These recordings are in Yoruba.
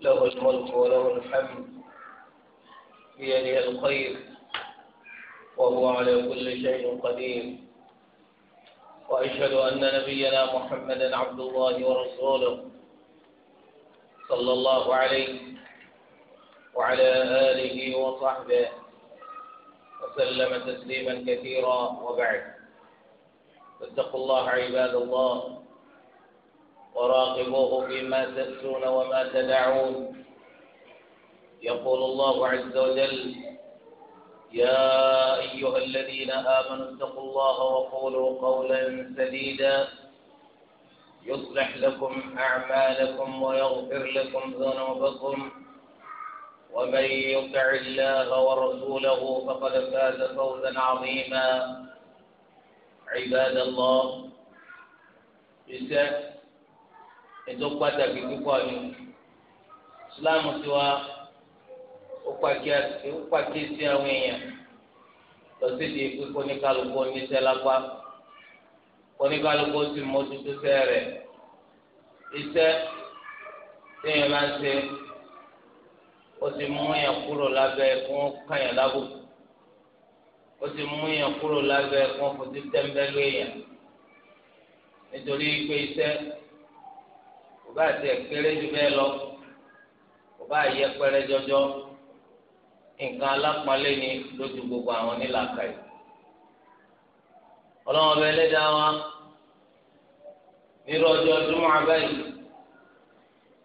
له الملك وله الحمد بيده الخير وهو على كل شيء قدير وأشهد أن نبينا محمدا عبد الله ورسوله صلى الله عليه وعلى آله وصحبه وسلم تسليما كثيرا وبعد فاتقوا الله عباد الله وراقبوه فيما تأتون وما تدعون يقول الله عز وجل يا أيها الذين آمنوا اتقوا الله وقولوا قولا سديدا يصلح لكم أعمالكم ويغفر لكم ذنوبكم ومن يطع الله ورسوله فقد فاز فوزا عظيما عباد الله بسبب ẹjọ pàtàkì púpọ̀ ni islam ti wá ó pàkíyèsí àwọn èèyàn lọ sí di pé kóníkàlùkù oníṣẹ́ lápá kóníkàlùkù ó sì mójútó sẹ́ rẹ̀ iṣẹ́ téèyàn máa ń ṣe ó ti mú yàn kúrò lábẹ́ fún kàyàn lábùkù ó ti mú yàn kúrò lábẹ́ fún fòtítẹ́ńbẹ́lú èèyàn nítorí pé iṣẹ́ bá àti ẹ̀kéré ju bẹ́ẹ̀ lọ kò bá yẹ pẹrẹ jọjọ nǹkan alápọ̀nlé ni lójú gbogbo àwọn nílàkàyè ọlọ́wọ́n bẹ lẹ́dàá wa nírú ọjọ́ ọdún àbáyé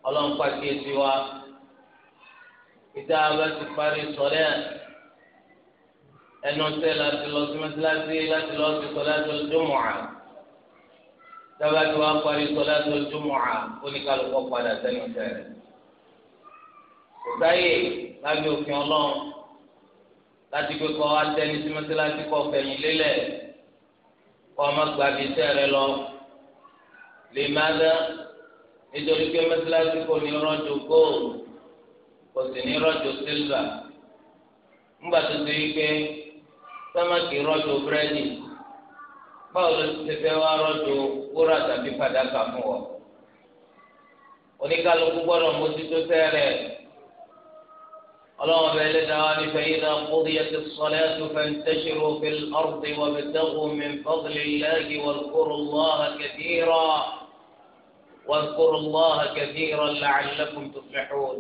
ọlọ́wọ́n pàkíyèsí wa ìdá abá ti parí sọlẹ́ ẹnu tẹ́ láti lọ sí mẹ́tíláṣí láti lọ sí sọlẹ́ tó dùn mọ́ àná dábàá tí wọ́n á parí sọlá tó jùmọ̀ à oníkálukọ́ padà sẹ́nu sẹ́rẹ̀. kò sáyè lábẹ́ òfin ọlọ́run láti pé kọ́ atẹ́ni sí mọ́sálásí kọ́ fẹ̀yìn lélẹ̀ kọ́ ọmọ gbàgbé lọ. lè má dá nítorí pé mọ́sálásí kò ní rọ́jò góòlù kò sì ní rọ́jò sílvà. ńgbà tó ti rí pé sọ́mọ́kì rọ́jò búrẹ́dì báwo ló ti fẹ́ wá rọ́jò wúrà tàbí fàdákà fún ọ. oníkálukú gbọ́dọ̀ mójútó sẹ́rẹ̀ ọlọ́run bẹ́ẹ̀ lé dáwà ní فإذا قضيت الصلاة فانتشروا في الأرض وابتغوا من فضل الله واذكروا الله كثيرا واذكروا الله كثيرا لعلكم تفلحون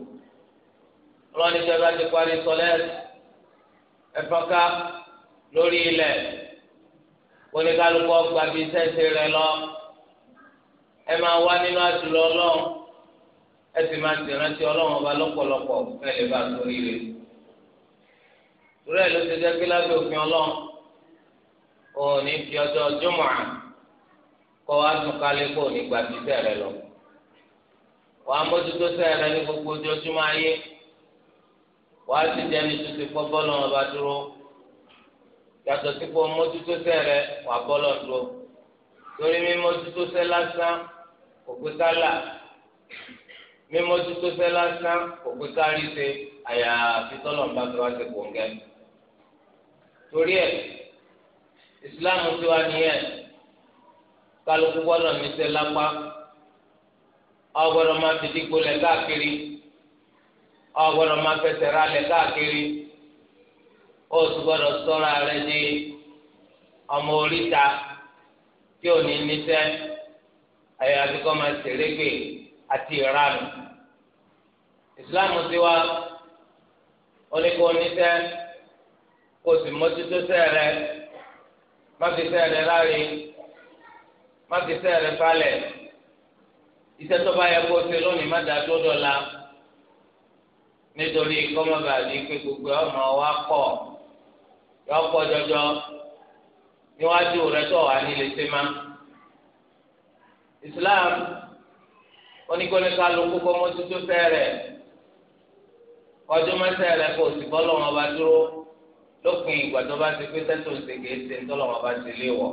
ọlọ́run ìjọba ti parí sọlẹ́ẹ̀tì ẹ̀fọ́ká lórí ilẹ̀ oníkálukú ọgbà bíi sẹ́ńsì rẹ lọ ẹ máa wá nínú àdúrà ọlọ́run ẹ sì máa tẹ̀rántí ọlọ́run ọba lọ́pọ̀lọpọ̀ ẹ lè bá sórí rẹ rẹ ló ti jẹ́ kíláàsì òfin ọlọ́run òní fi ọjọ́ jùmọ̀ kọ́ wa tún kálẹ̀ kó ní gbà bíi lọ wàá mójútó sẹ́ ní gbogbo ojoojúmọ́ ayé wàá sì jẹ́ ní tuntun fọ́ bọ́ọ̀lù ọba dúró yàtọ̀ sí pé mójútó sẹ́ rẹ wà bọ́lọ̀ dúró torí mímójútó sẹ́ lásán òpin kálà mímójútó sẹ́ lásán òpin kárí ṣe àyàfi tọ́lọ̀ ń bá tó wá ṣe kò ń gẹ́. torí ẹ̀ ìsìláàmù tí wàá nìyẹn kálukú bọ́lọ̀ ní sẹ́ lápá ọgbọ́dọ̀ máa fi dígbò lẹ̀ káàkiri ọgbọ́dọ̀ máa fẹsẹ̀ rálẹ̀ káàkiri ó sì gbọ́dọ̀ sọ́ra rẹ di ọmọ oríta tí ò ní níṣẹ́ àyàfi kọ́ máa ṣèrégbè àti ìranù ìsìláàmù ti wá o oníṣẹ́ kó sì mójútó sẹ́ẹ̀rẹ́ má fi sẹ́ẹ̀rẹ́ láre má fi sẹ́ẹ̀rẹ́ falẹ̀ iṣẹ́ tó bá yẹ kó ṣe lónìí má dàá tó dọ̀la nítorí kọ́mọ́bàdì pé gbogbo ọmọ wa kọ̀ yọ pọ̀ jọjọ níwájú rẹ tó wà ní ilé sèmá Islam oníkóníkàlùkù kọ́ mọ́tútù fẹ́rẹ̀ ọdún mẹ́sẹ̀ rẹ kò sì bọ́ lọ́wọ́ bá dúró lópin ìgbà tó bá ti pé sẹ́tò ń segè ṣe ń tọ́lọ̀ wọn bá ti lé wọ̀.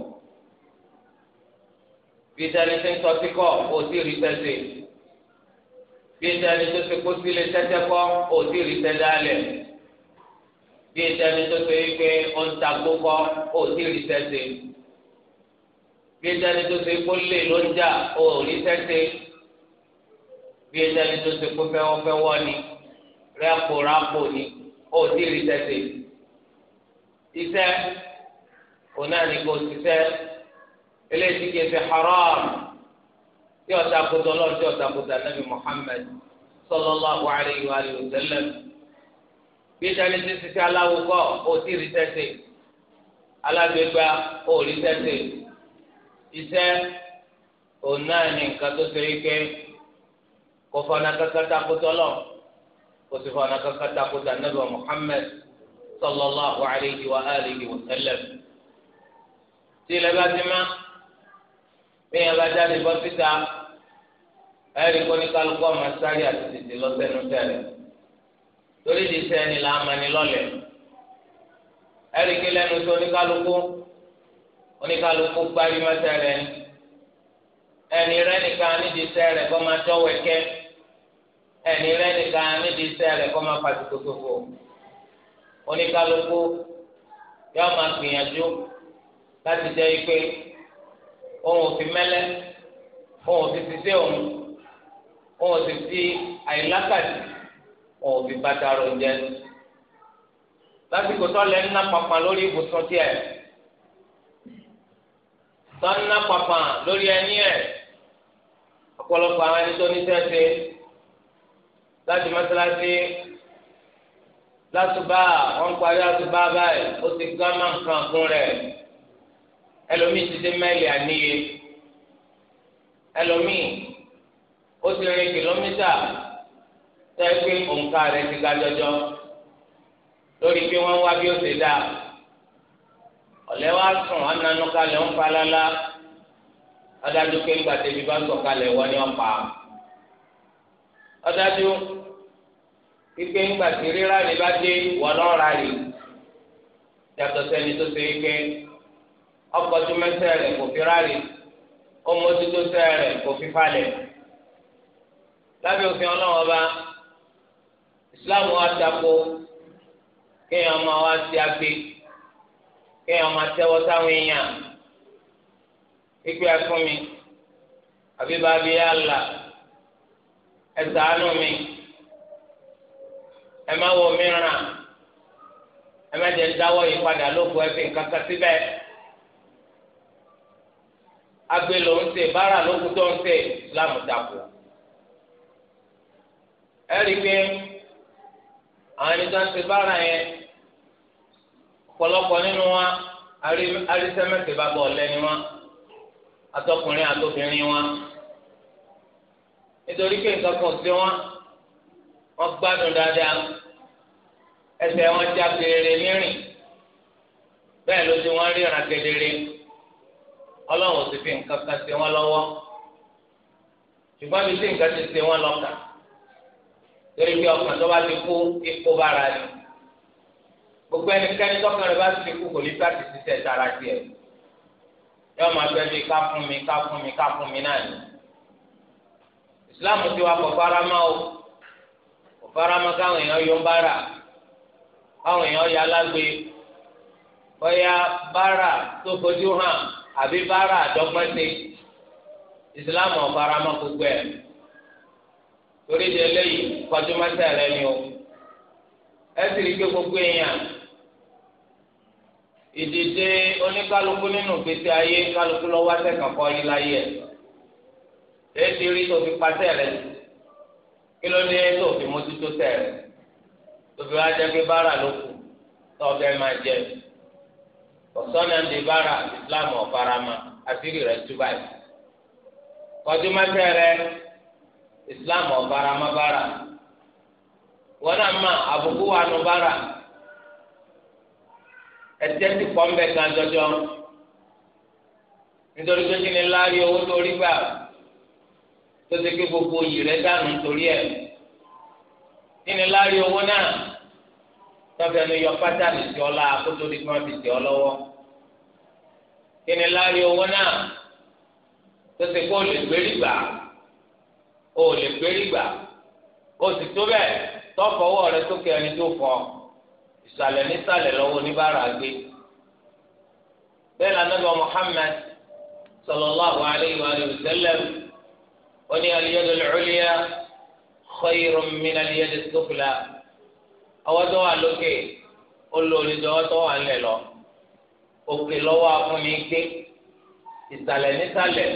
bí sẹ́ni ti ń sọ sí kọ́ ò sí rí sẹ́sẹ̀ bí sẹ́ni tó ti kó sílé sẹ́sẹ́ kọ́ ò sí rí sẹ́dálẹ̀ bí ìtẹ́ni tó ṣe wípé ó ń ta gbogbo ó sì rí sẹ́sẹ̀ bí ìtẹ́ni tó ṣe kó lè ló ń jà ó rí sẹ́sẹ̀ bí ìtẹ́ni tó ṣe kó fẹ́wọ́fẹ́wọ́ ni rẹ́pòrápò ni ó sì rí sẹ́sẹ̀ iṣẹ́ òun náà ní kò ṣiṣẹ́ eléyìí kìí ṣe haram tí ọ̀tá kó tí ọ̀tá kó tà nàbì Muhammad sallallahu alayhi wa kí sani ti sisi aláwo kọ́ ó ti rí sẹ́sẹ̀ alágbègbà ó rí sẹ́sẹ̀ iṣẹ́ òun náà ní nǹkan tó ṣe wípé kò fọnà kankan takotọ́ lọ kò sì fọnà kankan takotọ́ anabi Muhammad sallallahu alayhi wa alihi wa sallam tí ilẹ̀ bá ti má bí bá jáde bọ́ síta ẹ̀rí kóníkálukọ́ máa sáré àti tètè lọ́sẹ̀nu tẹ̀lé torí di sẹ́ni là á mani lọ́lẹ̀ ẹ̀ríkì lẹ́nu tó oníkálukú oníkálukú gbárí mọ́tẹ́ rẹ̀ ẹni rẹ̀ nìkan nídìí sẹ́ rẹ̀ kọ́ máa tọ́wọ́ ẹ̀kẹ́ ẹni rẹ̀ nìkan nídìí sẹ́ rẹ̀ kọ́ máa pàtó gbogbo oníkálukú yóò máa gbìyànjú láti jẹ́ ipe òun ò fi mẹ́lẹ́ òun ò fi ti dé òun òun ò sì fi àyílákàtì wọn ò fi bàtà rò ń jẹ lásìkò tó lẹ ńlá pàpà lórí ibùsùn tiẹ̀ tó ńlá pàpà lórí ẹni ẹ ọ̀pọ̀lọpọ̀ àwọn ẹni tó ní sẹsẹ láti mọ́sálásí látúbà wọn parí látúbà báyìí ó ti gbá máa ń kan kún rẹ ẹlòmíì ti dé mẹ́lì àníyé ẹlòmíì ó ti rìn kìlómítà tẹ́gbẹ́ òǹkà rẹ̀ ti ga jọjọ lórí bí wọ́n wá bí ó ṣe dáa ọ̀lẹ́ wa sùn ananú kalẹ̀ ń falala ọ̀dájú pé gbàtẹ́bí bá sọ̀ kalẹ̀ wọ́n ní ọ̀pá ọ̀dájú pípé ńgbàtí rírà rẹ̀ bá dé wọ́n lọ́ ra rè yàtọ̀ sẹ́ni tó ṣe wípé ọkọ̀ tó mẹ́sẹ̀ rẹ̀ kò fi rárẹ̀ ó mójútó sẹ́ rẹ̀ kò fi falẹ̀ lábẹ́ òfin ọlọ́wọ́ bá islam wa dako kéèyàn máa wá sí agbè kéèyàn máa tẹ́wọ́ sáwọn èèyàn ìgbé ẹfún mi àbí bàbí àlà ẹ ṣàánú mi ẹ má wọ mìíràn ẹ má jẹ ń dáwọ́ yìí padà lóko ẹ fi nǹkan kan ló ń ṣe bára lóko tó ń ṣe islam dako ẹ rí i pé àwọn ẹni tó ń ṣe bára yẹn ọ̀pọ̀lọpọ̀ nínú wa arísẹ́mẹ́sì bá bọ̀ lẹ́ni wa atọkùnrin àtobìnrin wa nítorí pé nǹkan kan sí wọn wọn gbádùn dáadáa ẹsẹ̀ wọn já kedere nírìn bẹ́ẹ̀ ló ti wọ́n ríran kedere ọlọ́run ò sì fi nǹkan kan sí wọn lọ́wọ́ ṣùgbọ́n bí sí nǹkan ti sí wọn lọ́kàn torí pé ọkàn tó bá ti kú ikú bára ni gbogbo ẹnikẹ́ni tọkàn rẹ bá ti kú kò ní bá ti ṣiṣẹ́ sára tiẹ̀ yọ máa gbẹ bí ká fún mi ká fún mi ká fún mi náà ni ìsìláàmù ti wá kọ fárámà o kọ fárámà káwọn èèyàn yọ ń bára káwọn èèyàn yọ alágbe bóyá bára tó fojú hàn àbí bára àdọ́gbọ́n ṣe ìsìláàmù ọ̀fárámà gbogbo ẹ̀ torí di eléyìí kọjúmọ́sẹ̀ rẹ ni o ẹ sì rí i pé gbogbo èèyàn ìdìde oníkálukú nínú gbèsè ayé kálukú lọ́wọ́ àtẹ̀kọ̀kọ́ yìí láyé ẹ̀ èsì rí tó fi pàtẹ́ rẹ kí ló dé tó fi mójútó tẹ̀ rẹ tó wá jẹ́ pé bára ló kù tó máa jẹ ọ̀sọ́nà bára Islam ọ̀farama àṣírí rẹ̀ tú báyìí rẹ islam ọ̀bára má bára wọn náà má àbùkù wà nù bára ẹtẹ ti pọ̀ mbẹ gan jọjọ nítorí pé kí ni láàrin owó tó rí gbà tó ti ké gbogbo yìí rẹ dànù torí ẹ kí ni láàrin owó náà tọ́fẹ́ ẹnu yọ pátá lè ti ọlá kótó ní kí ti tẹ̀ ọ lọ́wọ́ kí ni owó náà tó ti kó lè gbérí gbà o lè gbérí gbà o sì tó bẹ́ẹ̀ tọ́fọwọ́ rẹ sókè ẹni tó fọ ìsàlẹ̀ nísàlẹ̀ lọ́wọ́ oníbàárà gbé bẹ́ẹ̀ lànà bá Muhammad sallallahu alayhi wa sallam ó ní al-yadu al-ulya khayrun min al sufla ọwọ́ tó wà lókè ó lò ní ọwọ́ tó wà ńlẹ̀ òkè lọ́wọ́ afúnni gbé ìsàlẹ̀ nísàlẹ̀.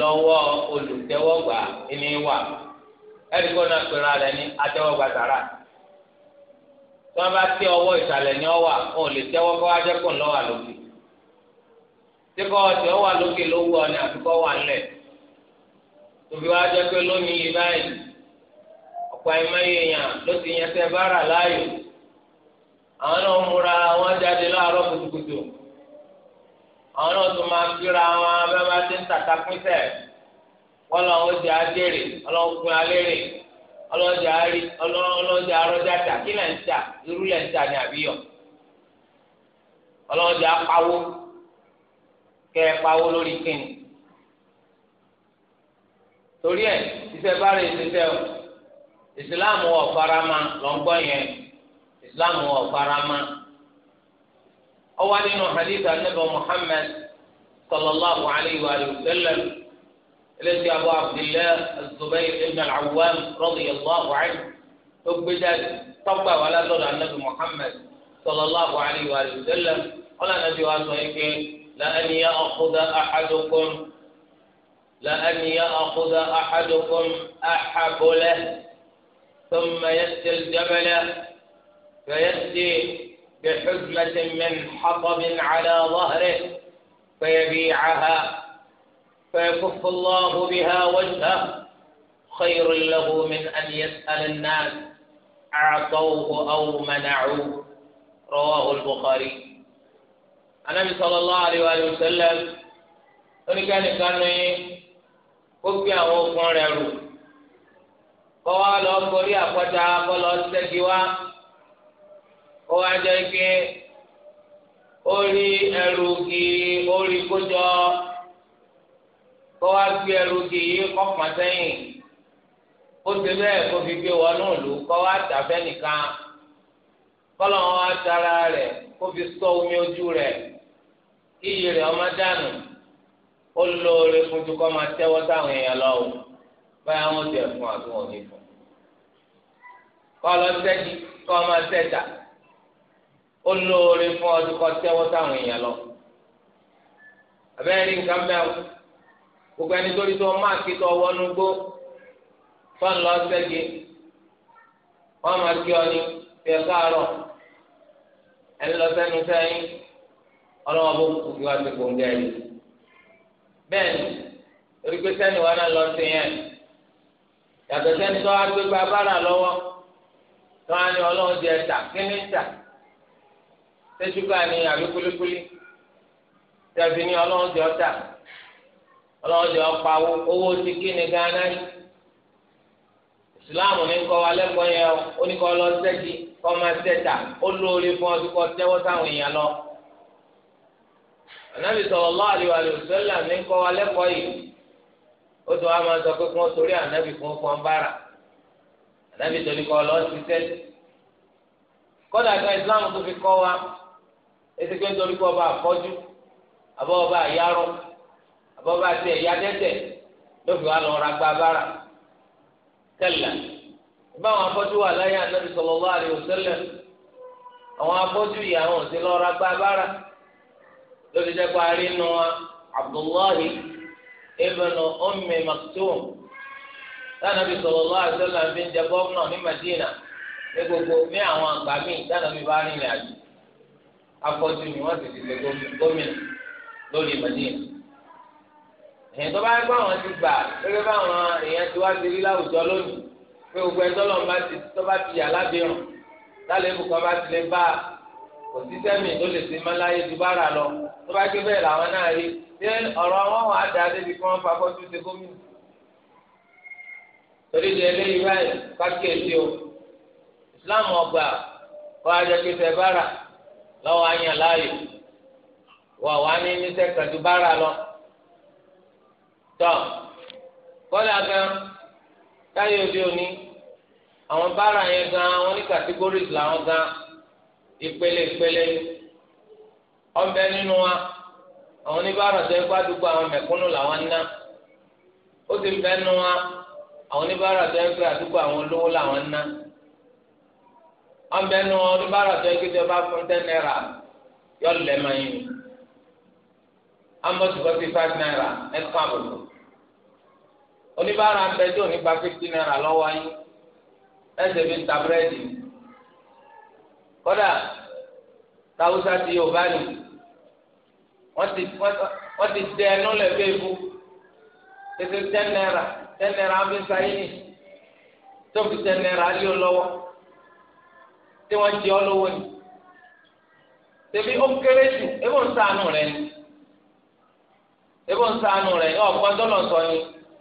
lọ́wọ́ olùtẹ́wọ́gbà ẹni wà ẹni kó náà pera rẹ̀ ní atẹ́wọ́gbà tí wọ́n bá tẹ ọwọ́ ìsàlẹ̀ ní ọwà ò lè tẹ́wọ́ kó kó wà lókè tí kò ọtí ọwà lókè ló wù ọ ní wà tóbi pé àwọn náà tún máa fira wọn abẹ́ bá ti ń tàta pínṣẹ̀ wọ́n lọ wọ́n jẹ́ àjèrè ọlọ́wọ́ gun alérè ọlọ́jà àárí ọlọ́jà àrọ́jà tà kí lẹ́ ń tà irú lẹ́ ń tà ní àbíyọ̀ ọlọ́jà pawó kẹ́ ẹ pawó lórí kíni torí ẹ iṣẹ́ bá rè ṣiṣẹ́ o ìsìláàmù ọ̀farama lọ́ngbọ́n yẹn ìsìláàmù ọ̀farama. أو علينا حديث النبي محمد صلى الله عليه وآله وسلم الذي أبو عبد الله الزبير بن العوام رضي الله عنه أبدا طبع ولا زر النبي محمد صلى الله عليه وآله وسلم قال النبي وآله لأن يأخذ أحدكم لأن يأخذ أحدكم أحب له ثم يأتي الجبل فيأتي بحزمة من حطب على ظهره فيبيعها فيكف الله بها وجهه خير له من أن يسأل الناس أعطوه أو منعوه رواه البخاري النبي صلى الله عليه وآله وسلم oníkàní كان yín kó gbé àwọn okùn rẹ̀ rù kọ́ wa ó wá jẹ́ pé ó rí ẹrù kì í ó rí kójọ kó wá gbé ẹrù kì í kọ́kàn sẹ́yìn ó ti bẹ́ẹ̀ kó fi gbé wọnú ìlú kó nìkan tara rẹ̀ kó fi sọ omi ojú rẹ̀ kí iyì rẹ̀ ọmọ dànù ó fún tẹ́wọ́ èèyàn lọ o báyà wọn tiẹ̀ fún àbí wọn ní fún olóore fún ọdún kọ́ tẹ́wọ́ táwọn èèyàn lọ abẹ́rẹ́ nǹkan gbogbo ẹni tó rí tó máa kí tó gbó lọ sẹ́gi wọ́n máa kí ọ ní fi ẹ̀ káàárọ̀ ẹni lọ sẹ́nu sẹ́yìn ọlọ́wọ́ bó kù kí wá sí gbòǹgẹ́ yìí bẹ́ẹ̀ ni pé sẹ́ni náà lọ sí yẹn yàtọ̀ sẹ́ni tó wá gbégbá bára lọ́wọ́ tó wá ṣé ni àbí kúlíkúlí tí a fi ní ọlọ́run jọ owó ti kí ni gánà ìsìláàmù ní kọ́ wa lẹ́kọ̀ọ́ yẹn ó ní kọ́ lọ kọ́ máa ó lóore fún ọdún kọ́ tẹ́wọ́ táwọn èèyàn lọ. ànábì ní kọ́ lẹ́kọ̀ọ́ yìí ó wá sọ pé fún ètùkú nítorí pé ọba àfọ́jú àbọ̀ ọba àyárọ̀ àbọ̀ ọba àti ẹ̀yà dẹ́tẹ̀ ló fi wá lọ ra gbabara bára báwọn afọ́jú wà láyé ànábi sallallahu alaihi wasallam àwọn afọ́jú yìí àwọn òsè lọ ra gba lórí dẹ́kun arínú wa Abdullahi ibn Ummi maktoum tánàbí sallallahu afọ́jú ni wọ́n ti ti ṣe gómìnà lórí Madina èyàn tó bá gbọ́ àwọn ti gbà gẹ́gẹ́ báwọn èèyàn ti wá ti rí láwùjọ lónìí pé gbogbo ẹjọ́ lọ́n bá ti tó bá ti yà lábẹ́rùn lálẹ́ ibùkọ́ bá ti lè bá kò sí sẹ́mi tó lè ṣe máláyé ju bára lọ tó bá gbé bẹ́ẹ̀ làwọn náà rí ṣé ọ̀rọ̀ wọn wà á dá débi kí wọ́n fapọ́ tó ṣe gómìnà. torí di eléyìí báyìí kákìyèsí lọ́wọ́ àyàn láàyò wà wá ní níṣẹ́ kàdú bára lọ tọ́ bọ́lá gan táyé òde òní àwọn bára yẹn gan àwọn ní categories làwọn gan ìpele ìpele ọbẹ̀ nínú wa àwọn oníbàárà tó ẹgbẹ́ àdúgbò àwọn mẹ̀kúnnù làwọn ná ó ti bẹ́ẹ̀ nínú wa àwọn oníbàárà tó ẹgbẹ́ àdúgbò àwọn olówó làwọn ná wọn bẹ nu oníbàárà tó yẹ kí tó bá fún ten naira yọ lẹ mọ yín amọ̀sibọ́sí five naira ẹ kàn àbùkù oníbàárà ń bẹ tó nípa fifty naira lọ́wọ́ yín ẹ ṣe fi ta búrẹ́dì kódà tàwùsà ti Yorùbá ni wọ́n ti wọ́n ti dẹ ẹnu lẹ̀ fẹ́ fún tètè ten naira ten naira ń fi sa yín tó fi ten naira lé o lọ́wọ́ tí wọ́n jẹ ọ́ lówó ni tẹbi ó kéré jù ebó ń sànù rẹ ni ebó ń sànù rẹ ní ọ̀pọ̀ dọ́lọ̀ sọ ni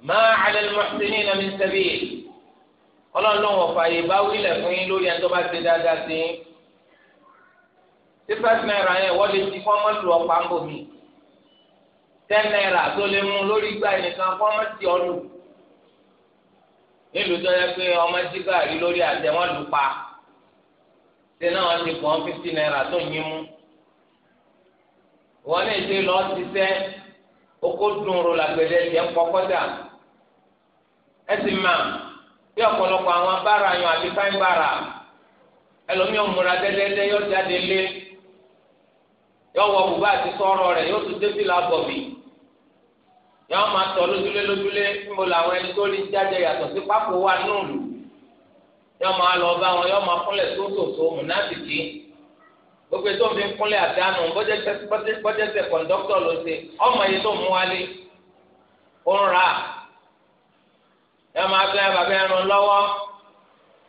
máa alẹ́ mọ́tìní nàmi sẹ́bi ọlọ́run ló ń wọ̀fà yìí bá wílẹ̀ fún yín lórí ẹni tó bá ti dáadáa sí yín tífẹ́tì náírà yẹn wọ́n lè ti fọ́nmọ́ lu ọ̀pá ń bò mí tẹ́ náírà tó lè mú lórí gbà nìkan fọ́nmọ́ ti ọ̀lù nílùú tó yẹ pé ọmọ jí gàrí lórí àtẹ̀wọ́n lù pa ṣe náà wọ́n ti kọ́ fifty naira tó yín mú wọ́n lè ṣe lọ́ọ́ ti sẹ́ oko dunro làgbẹ̀dẹ jẹ́ kọ́kọ́dà ẹ sì máa bí ọ̀pọ̀lọpọ̀ àwọn abára yan àti fáin bára ẹlòmíràn múra dẹ́dẹ́dẹ́ yóò jáde lé yóò wọ bùbá àti sọ́rọ̀ rẹ̀ yóò tún dé fìlà bọ̀bì yóò máa tọ̀ lójúlé lójúlé níbo làwọn ẹni tó rí jáde yàtọ̀ sí pápó wà nùlù yọ máa lọ bá wọn yọ máa kúnlẹ̀ sódòdó mùnáfìkì gbogbo ètò òfin kúnlẹ̀ àdánù bọ́jẹ́sẹ̀ kọ̀ńdọ́kítọ̀ ló ṣe ọmọ yìí tó mú wálé ó ń ra yọ máa gbé bàbá ẹran lọ́wọ́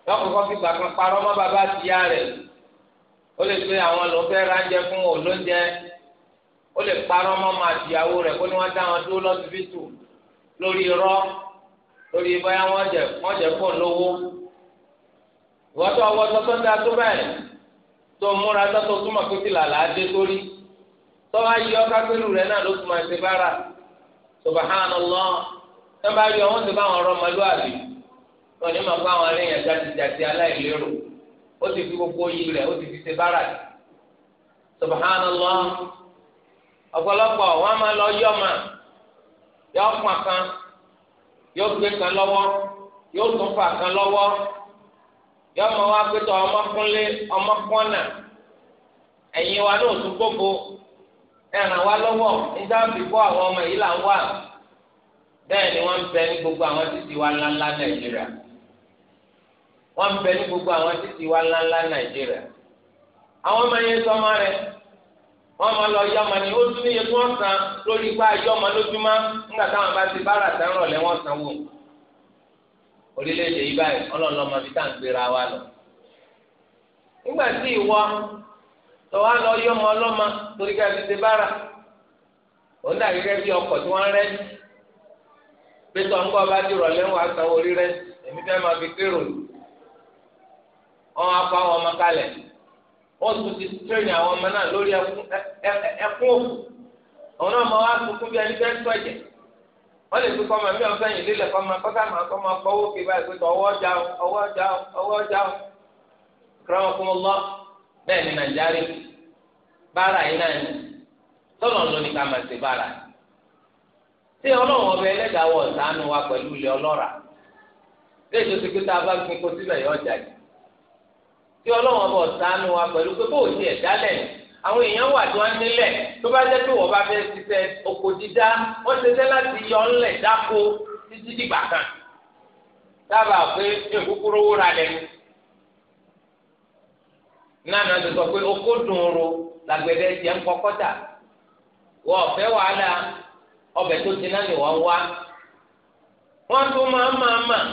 lọ́kọ̀ọ́kọ́ fi gbà kan parọ́ mọ́ bàbá àtìyá rẹ̀ ó lè pe àwọn ló fẹ́ ránjẹ fún olóúnjẹ ó lè parọ́ mọ́ máa tìyàwó rẹ̀ kó ní wọ́n dá wọn dúró lọ́sibítù lórí irọ́ lórí báyà wọ́n jẹ fóònù lówó. wọ́n tó tó ń da tó báyìí tó múra tó túmọ̀ pé làlá dé sórí tó wá yọ kápẹ́lú rẹ náà ló túmọ̀ ṣe bára subhanallah tó bá yọ wọ́n ti bá wọn rọ ọmọlúwàbí wọn màá aláìlérò ó ti fi gbogbo yí ó ti fi ṣe bára lọ yọ ọmọ yọ kan gbé kan lọ́wọ́ tún fà kan yọmọ wa pẹtọ ọmọkúnlé ọmọkúnà ẹ̀yin wa náà tún gbogbo ẹràn wa lọwọ níta fi kọ àwọn ọmọ yìí là ń wà bẹ́ẹ̀ ni wọ́n bẹ ní gbogbo àwọn títí wa ńláńlá nàìjíríà bẹ ní gbogbo àwọn wa ńláńlá nàìjíríà àwọn ọmọ yẹn rẹ máa lọ yọmọ ni san lórí yọmọ nígbà táwọn bá ti orílẹ̀-èdè yìí báyìí ọlọ́ọ̀lọ́ máa fi táà gbéra wa lọ. nígbà tí ìwọ tọ́wá lọ yọ ọlọ́mọ torí ká fi ṣe bára ó dà gẹ́gẹ́ bí ọkọ̀ tí wọ́n rẹ́ pété bá orí èmi fẹ́ máa fi kérò lù wọ́n á àwọn ọmọ kalẹ̀ wọ́n tún ti tírẹ̀nì àwọn ọmọ náà lórí ẹkún òkú wọ́n lè fi kọ́ ma bí wọ́n fẹ́yìn lílẹ̀ kọ́ ma kọ́sá ma kọ́ ma kọ́ wókè báyìí pé ọwọ́ ọjà o ọwọ́ ọjà o ọwọ́ ọjà o kúrọ́mọ fún ọlọ́ bẹ́ẹ̀ ni nàìjíríà bára yìí náà ni tọ́lọ̀ ló ní ká ṣe bára ẹlẹ́dàá wọ̀ wa pẹ̀lú ilé ọlọ́ra tó ti àwọn èèyàn wà tí wọn nílẹ̀ tó bá jẹ́ pé wọ́n bá fẹ́ ṣiṣẹ́ oko dídá wọ́n ṣiṣẹ́ láti yọ ńlẹ̀ dáko títí dìgbà kan dábàá pé èkúkúrú wúra lẹ́nu nánà ti sọ pé oko dùn ro làgbẹ̀dẹ ń wọ́n wàhálà ọbẹ̀ tó ti náà wọ́n wá wọ́n tún máa máa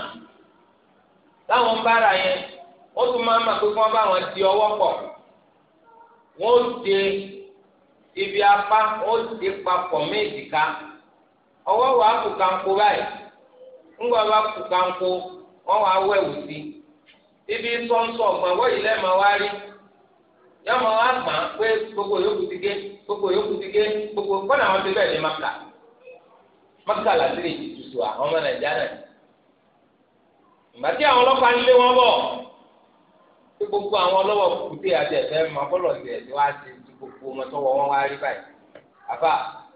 wọ́n de ibi apá wọ́n de papọ̀ méjì ká ọwọ́ wàá kú kanko báyìí ńgbà wàá kú kanko wọ́n wàá ibi sọ́nsọ́ ọ̀gbọ̀n wọ́n wá rí pé gbogbo ti gé gbogbo ti gé gbogbo ti bẹ́ẹ̀ ní maka maka làtìrì àwọn ọmọ nàìjíríà nàìjíríà ìgbà tí àwọn ọlọ́pàá ń tí gbogbo àwọn ọlọ́wọ́ kùtì àti ẹ̀fẹ́ máa bọ́lọ̀ sí ẹ̀ tí wọ́n á ti ti gbogbo wọn tọwọ́ wọn wá rí báyìí. àbá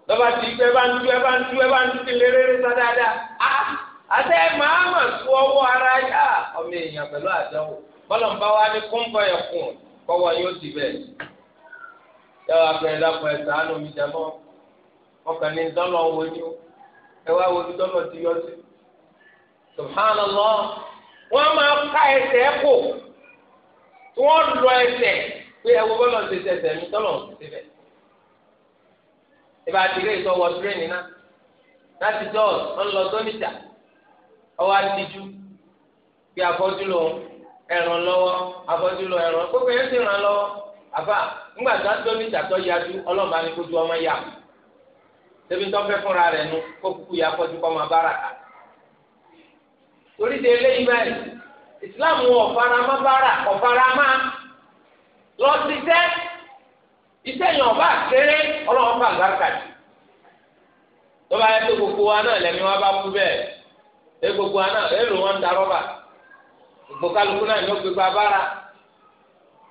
lọ́ba ti ìgbẹ́ bá ń tú ẹ bá ń tú ẹ bá ń tú kele rere sá dáadáa. a àti ẹ máa mà sọ ọwọ́ ara yá ọmọ èèyàn pẹ̀lú àdánwò bọ́lọ̀ ń bá wa ní kúńbọ̀ yẹn kùn kọ́wọ́ yóò ti bẹ̀. yàrá abẹ́rẹ́ lápẹ̀ sàánù mi jẹ́mọ́ ọkàn ní dọ́lọ̀ wo ni subhanallah wọ́n máa ká ẹsẹ̀ kò. tí wọ́n lọ ẹsẹ̀ pé ẹwọ bọ́lọ̀ ṣe tẹsẹ̀ mi tọ́lọ̀ ń ṣe bẹ̀. ìbá ti rí ìtọ́wọ́ tírẹ̀nì náà láti ọwọ́ àtijú bí ẹ̀ràn lọ́wọ́ ẹ̀ràn gbogbo lọ́wọ́ àbá ńgbà tó tó ni kó ju ọmọ yà tó fẹ́ fúnra rẹ̀ nu kó kúkú yà máa bára kà torí ìsìláàmù ọ̀farama bára ọ̀farama lọ sí iṣẹ́ iṣẹ́ yẹn ọba kéré ọlọ́wọ́ fà gbàkà jù tó bá yẹ kó gbogbo wa náà lẹ́nu wa bá kú bẹ́ẹ̀ ẹ gbogbo wa náà ẹ lò wọ́n ń da rọ́bà gbogbo kálukú náà ní ọgbẹ́ bàbára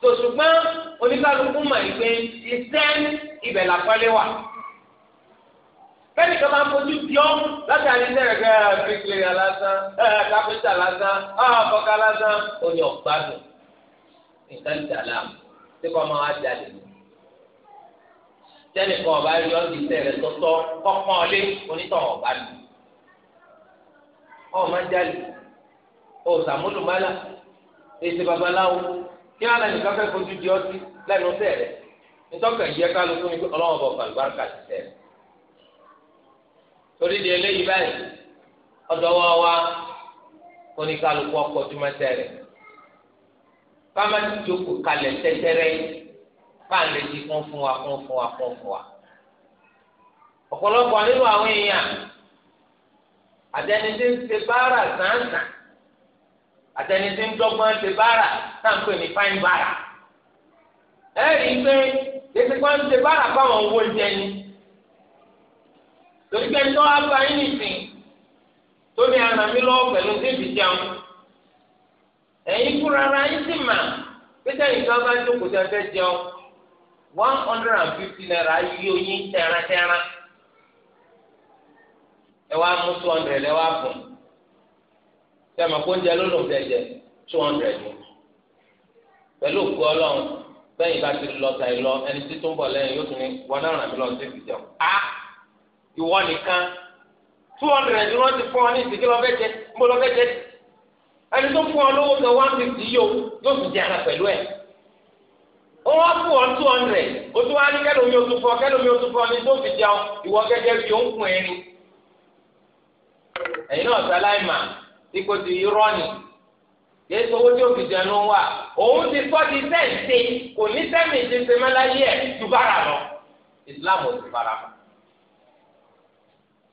tó ṣùgbọ́n oníkálukú mọ̀ ìpín iṣẹ́ ibẹ̀ làpọ́lé wà bẹ́ẹ̀ni kan máa ń fojú di ọ́ látàrí ní ẹ̀rẹ̀kẹ́ eh, bíkìlìyà lásán eh, kápẹ́tà lásán àbọ̀ká ah, lásán oní ọ̀gbádùn nǹkan jàlá tí kò máa wá jalè ní. sẹ́ni kan ọ̀bá rí ọ́n di sẹ́rẹ̀ tọ́tọ́ kọ́kàn lé onítọ̀ ọ̀gbádùn. ọ̀ máa jalè ọ̀ sàmúlùmálà èsì babaláwo kí wọn lẹ́nu káfẹ́ fojú di ọtí lẹ́nu sẹ́rẹ̀ nítọ́kẹ̀ yẹ kálukú ní ọlọ́wọ́ bọ̀ fàlùbáràkà ti sẹ́rẹ̀ torí di eléyìí báyìí ọ̀dọ̀ wa wa kò ní kálukú ọkọ jùmọ̀tẹ́ rẹ̀ fáwọn ti jókòó kalẹ̀ tẹ́tẹ́rẹ́ fáwọn lè ti kún fún wa kún fún wa kún fún wa ọ̀pọ̀lọpọ̀ nínú àwọn èèyàn àtẹni tí ń ṣe báárà sàǹsàn àtẹni ń dọ́gbọ́n ṣe báárà sáǹpẹ̀ ní fáìn báárà ẹ̀rí pé ètò kan báárà fáwọn owó jẹ ni torí pé tó àgbà yín nìsín tó ní ara mi lọ́wọ́ pẹ̀lú débi jẹun ẹ̀yin fúnra ara yín sì mà pété nìkan bá jókòó tẹ fẹ́ jẹun one hundred and fifty naira yí oyin tẹ́rántẹ́rán ẹ wá mú two hundred ẹ wá fún sẹ́mi kó ń jẹ lónìí fẹ́ jẹ two hundred pẹ̀lú òkú ọlọ́run bẹ́ẹ̀ bá ti lọ ta ìlọ ẹni tí tó ń bọ̀ lẹ́yìn yóò tún ní one hundred and fifty jẹun. Ah! ìwọ nìkan two hundred ni wọ́n ti fún ọ ní ìsìnkú lọ́fẹ̀jẹ̀ mo lọ́fẹ̀jẹ̀ ẹni tó fún ọ lówó kan one fifty yóò yóò sì jẹ ara pẹ̀lú ẹ̀ ó wá fún ọ two hundred o tún wá ní kẹlòmí o tún fún ọ kẹlòmí o tún fún ọ ní tó fi jẹun ìwọ gẹ́gẹ́ bí o ń kún ẹni ẹ̀yin náà sáláì mà ipò ti irọ́ ni yéé sọwọ́ tí o fi jẹun wà òun ti sọ di sẹ́ǹsì kò ní sẹ́ǹsì ti sẹ́mẹ́láyé ẹ̀ ju bára lọ Islam ò ti fara mọ́.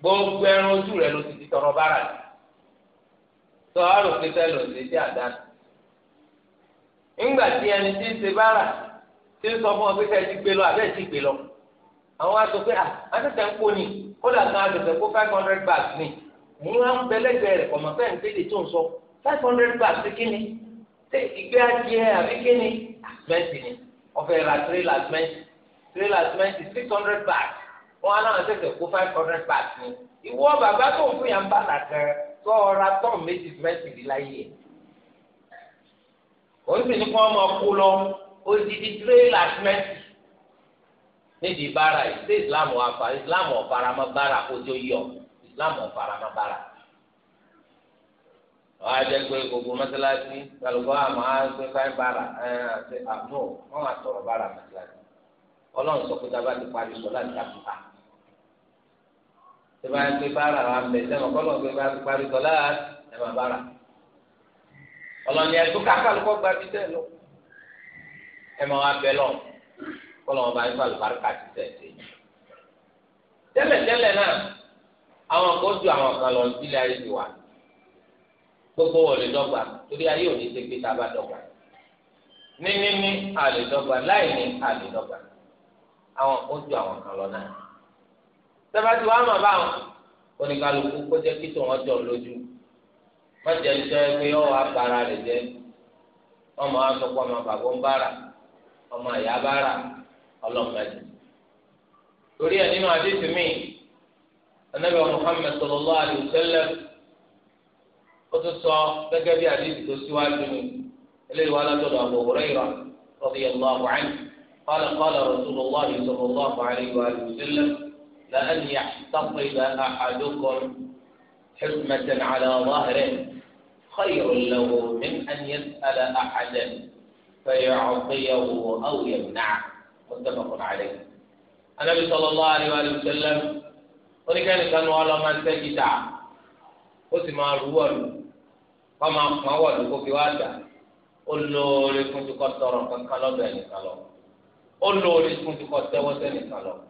gbogbo ẹran ojú rẹ ló ti di tọrọ bára rẹ tó àrò pété lò lè dé àdánù ńgbà tí ẹni tí ń ṣe bára tí ń sọ fún ọ pé kẹ́ ẹ ti gbé lọ àbẹ́ ti gbé lọ àwọn aṣọ pé àtẹ̀tẹ̀ ń poni kódà kan àtẹ̀tẹ̀ kó five hundred bags ni ẹ̀yin wá ń bẹ lẹ́gbẹ̀ẹ́ rẹ̀ kọ̀mọ̀ fẹ́ẹ̀ ń tètè tó ń sọ five hundred bags kí ni ṣé ìgbé adìẹ àbí kí ni àtìmẹ́ǹtì ni ọ̀fẹ́ ra tírélà àtìmẹ́ǹtì tírélà àtìmẹ́ǹtì six hundred bags wọn aláwọn ṣẹ̀ṣẹ̀ kó five hundred baht ni ìwọ bàbá tó ń fún yàn bá làkàn tó ọra tọ́ méjì mẹ́sìlì láyé òun sì ní kí wọ́n máa kó lọ odidi tírélà mẹ́sì nídìí bára yìí ṣé islam wà fà islam ọ̀faramọ́ bára ojú yọ islam ọ̀faramọ́ bára wọ́n á jẹ́ pé gbogbo mọ́sálásí kálukọ́ àmọ́ á gbé fáin bára ẹ̀ àti àmọ́ wọn á sọ̀rọ̀ bára mọ́sálásí ọlọ́run sọ pé dábàá ti parí sọ láti dákúta tó bá ń gbé bára wa ń bẹ sẹ́wọ̀n kọ́lọ́ gbé bá parí sọ́lá ẹ̀ máa bára ọlọ́ni ẹ̀ tó káká ló kọ́ gba bí tẹ́ lọ ẹ̀ máa wá bẹ lọ kọ́lọ́ wọn bá ń sọ̀rọ̀ báríkà ti tẹ̀ sí tẹ́lẹ̀ tẹ́lẹ̀ náà àwọn kan ju àwọn kan lọ sílẹ̀ ayé ti wà gbogbo wọlé dọ́gba torí ayé òní ti gbé tá a bá dọ́gba níní ní àlè dọ́gba láì ní àlè dọ́gba àwọn kan ju àwọn kan lọ náà sábàtì wàá mà bá wọn oníkàlùkù kó jẹ́ kí tòun ọjọ́ lójú má jẹ́ ní sọ́yẹ́ pé ọ̀wọ́ abara rẹ̀ jẹ́ ọmọ asọ́pọ̀ ọmọ bàbá ń bára ọmọ àyà bára ọlọ́mọdé torí ẹ̀ nínú àdéhùn mi anabi Muhammad sallallahu alayhi wa tún sọ gẹ́gẹ́ bí àdéhùn tó síwájú mi eléyìí wà látọ̀dọ̀ Abu Hurairah radiyallahu anhu qala qala rasulullah sallallahu alayhi wa sallam. لأن يحتفظ أحدكم حكمة على ظهره خير له من أن يسأل أحدا فيعطيه أو يمنعه متفق عليه النبي صلى الله عليه وآله وسلم ولكان كان على من سجد وسمع الرواد فما ما هو في واجه قل له لكم تقدر فكلا بني كلام قل له لكم تقدر وسني كلام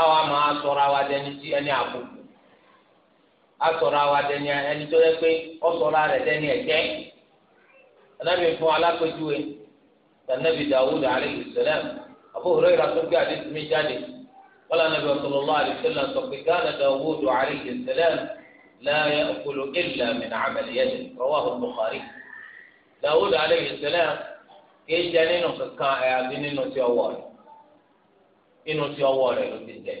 àwọn àmọ asọ̀rọ̀ àwọn adẹni tí ẹni àbùkù asọ̀rọ̀ àwọn adẹni ẹni tó yẹ pé ọsọ̀rọ̀ rẹ̀ dẹni ẹ̀jẹ̀ anabi fún alákòjúwe anabi dawud alayhi salam abu hurayra tó gbé àdéhùn mi jáde wọn anabi sallallahu alayhi salam sọ pé gánà dawud alayhi salam la ya'kulu illa min 'amali yadihi rawahu al-bukhari dawud alayhi salam kì í kankan ẹ̀ àbí nínú tí ọwọ́ inú tí ọwọ́ rẹ̀ ló ti tẹ̀.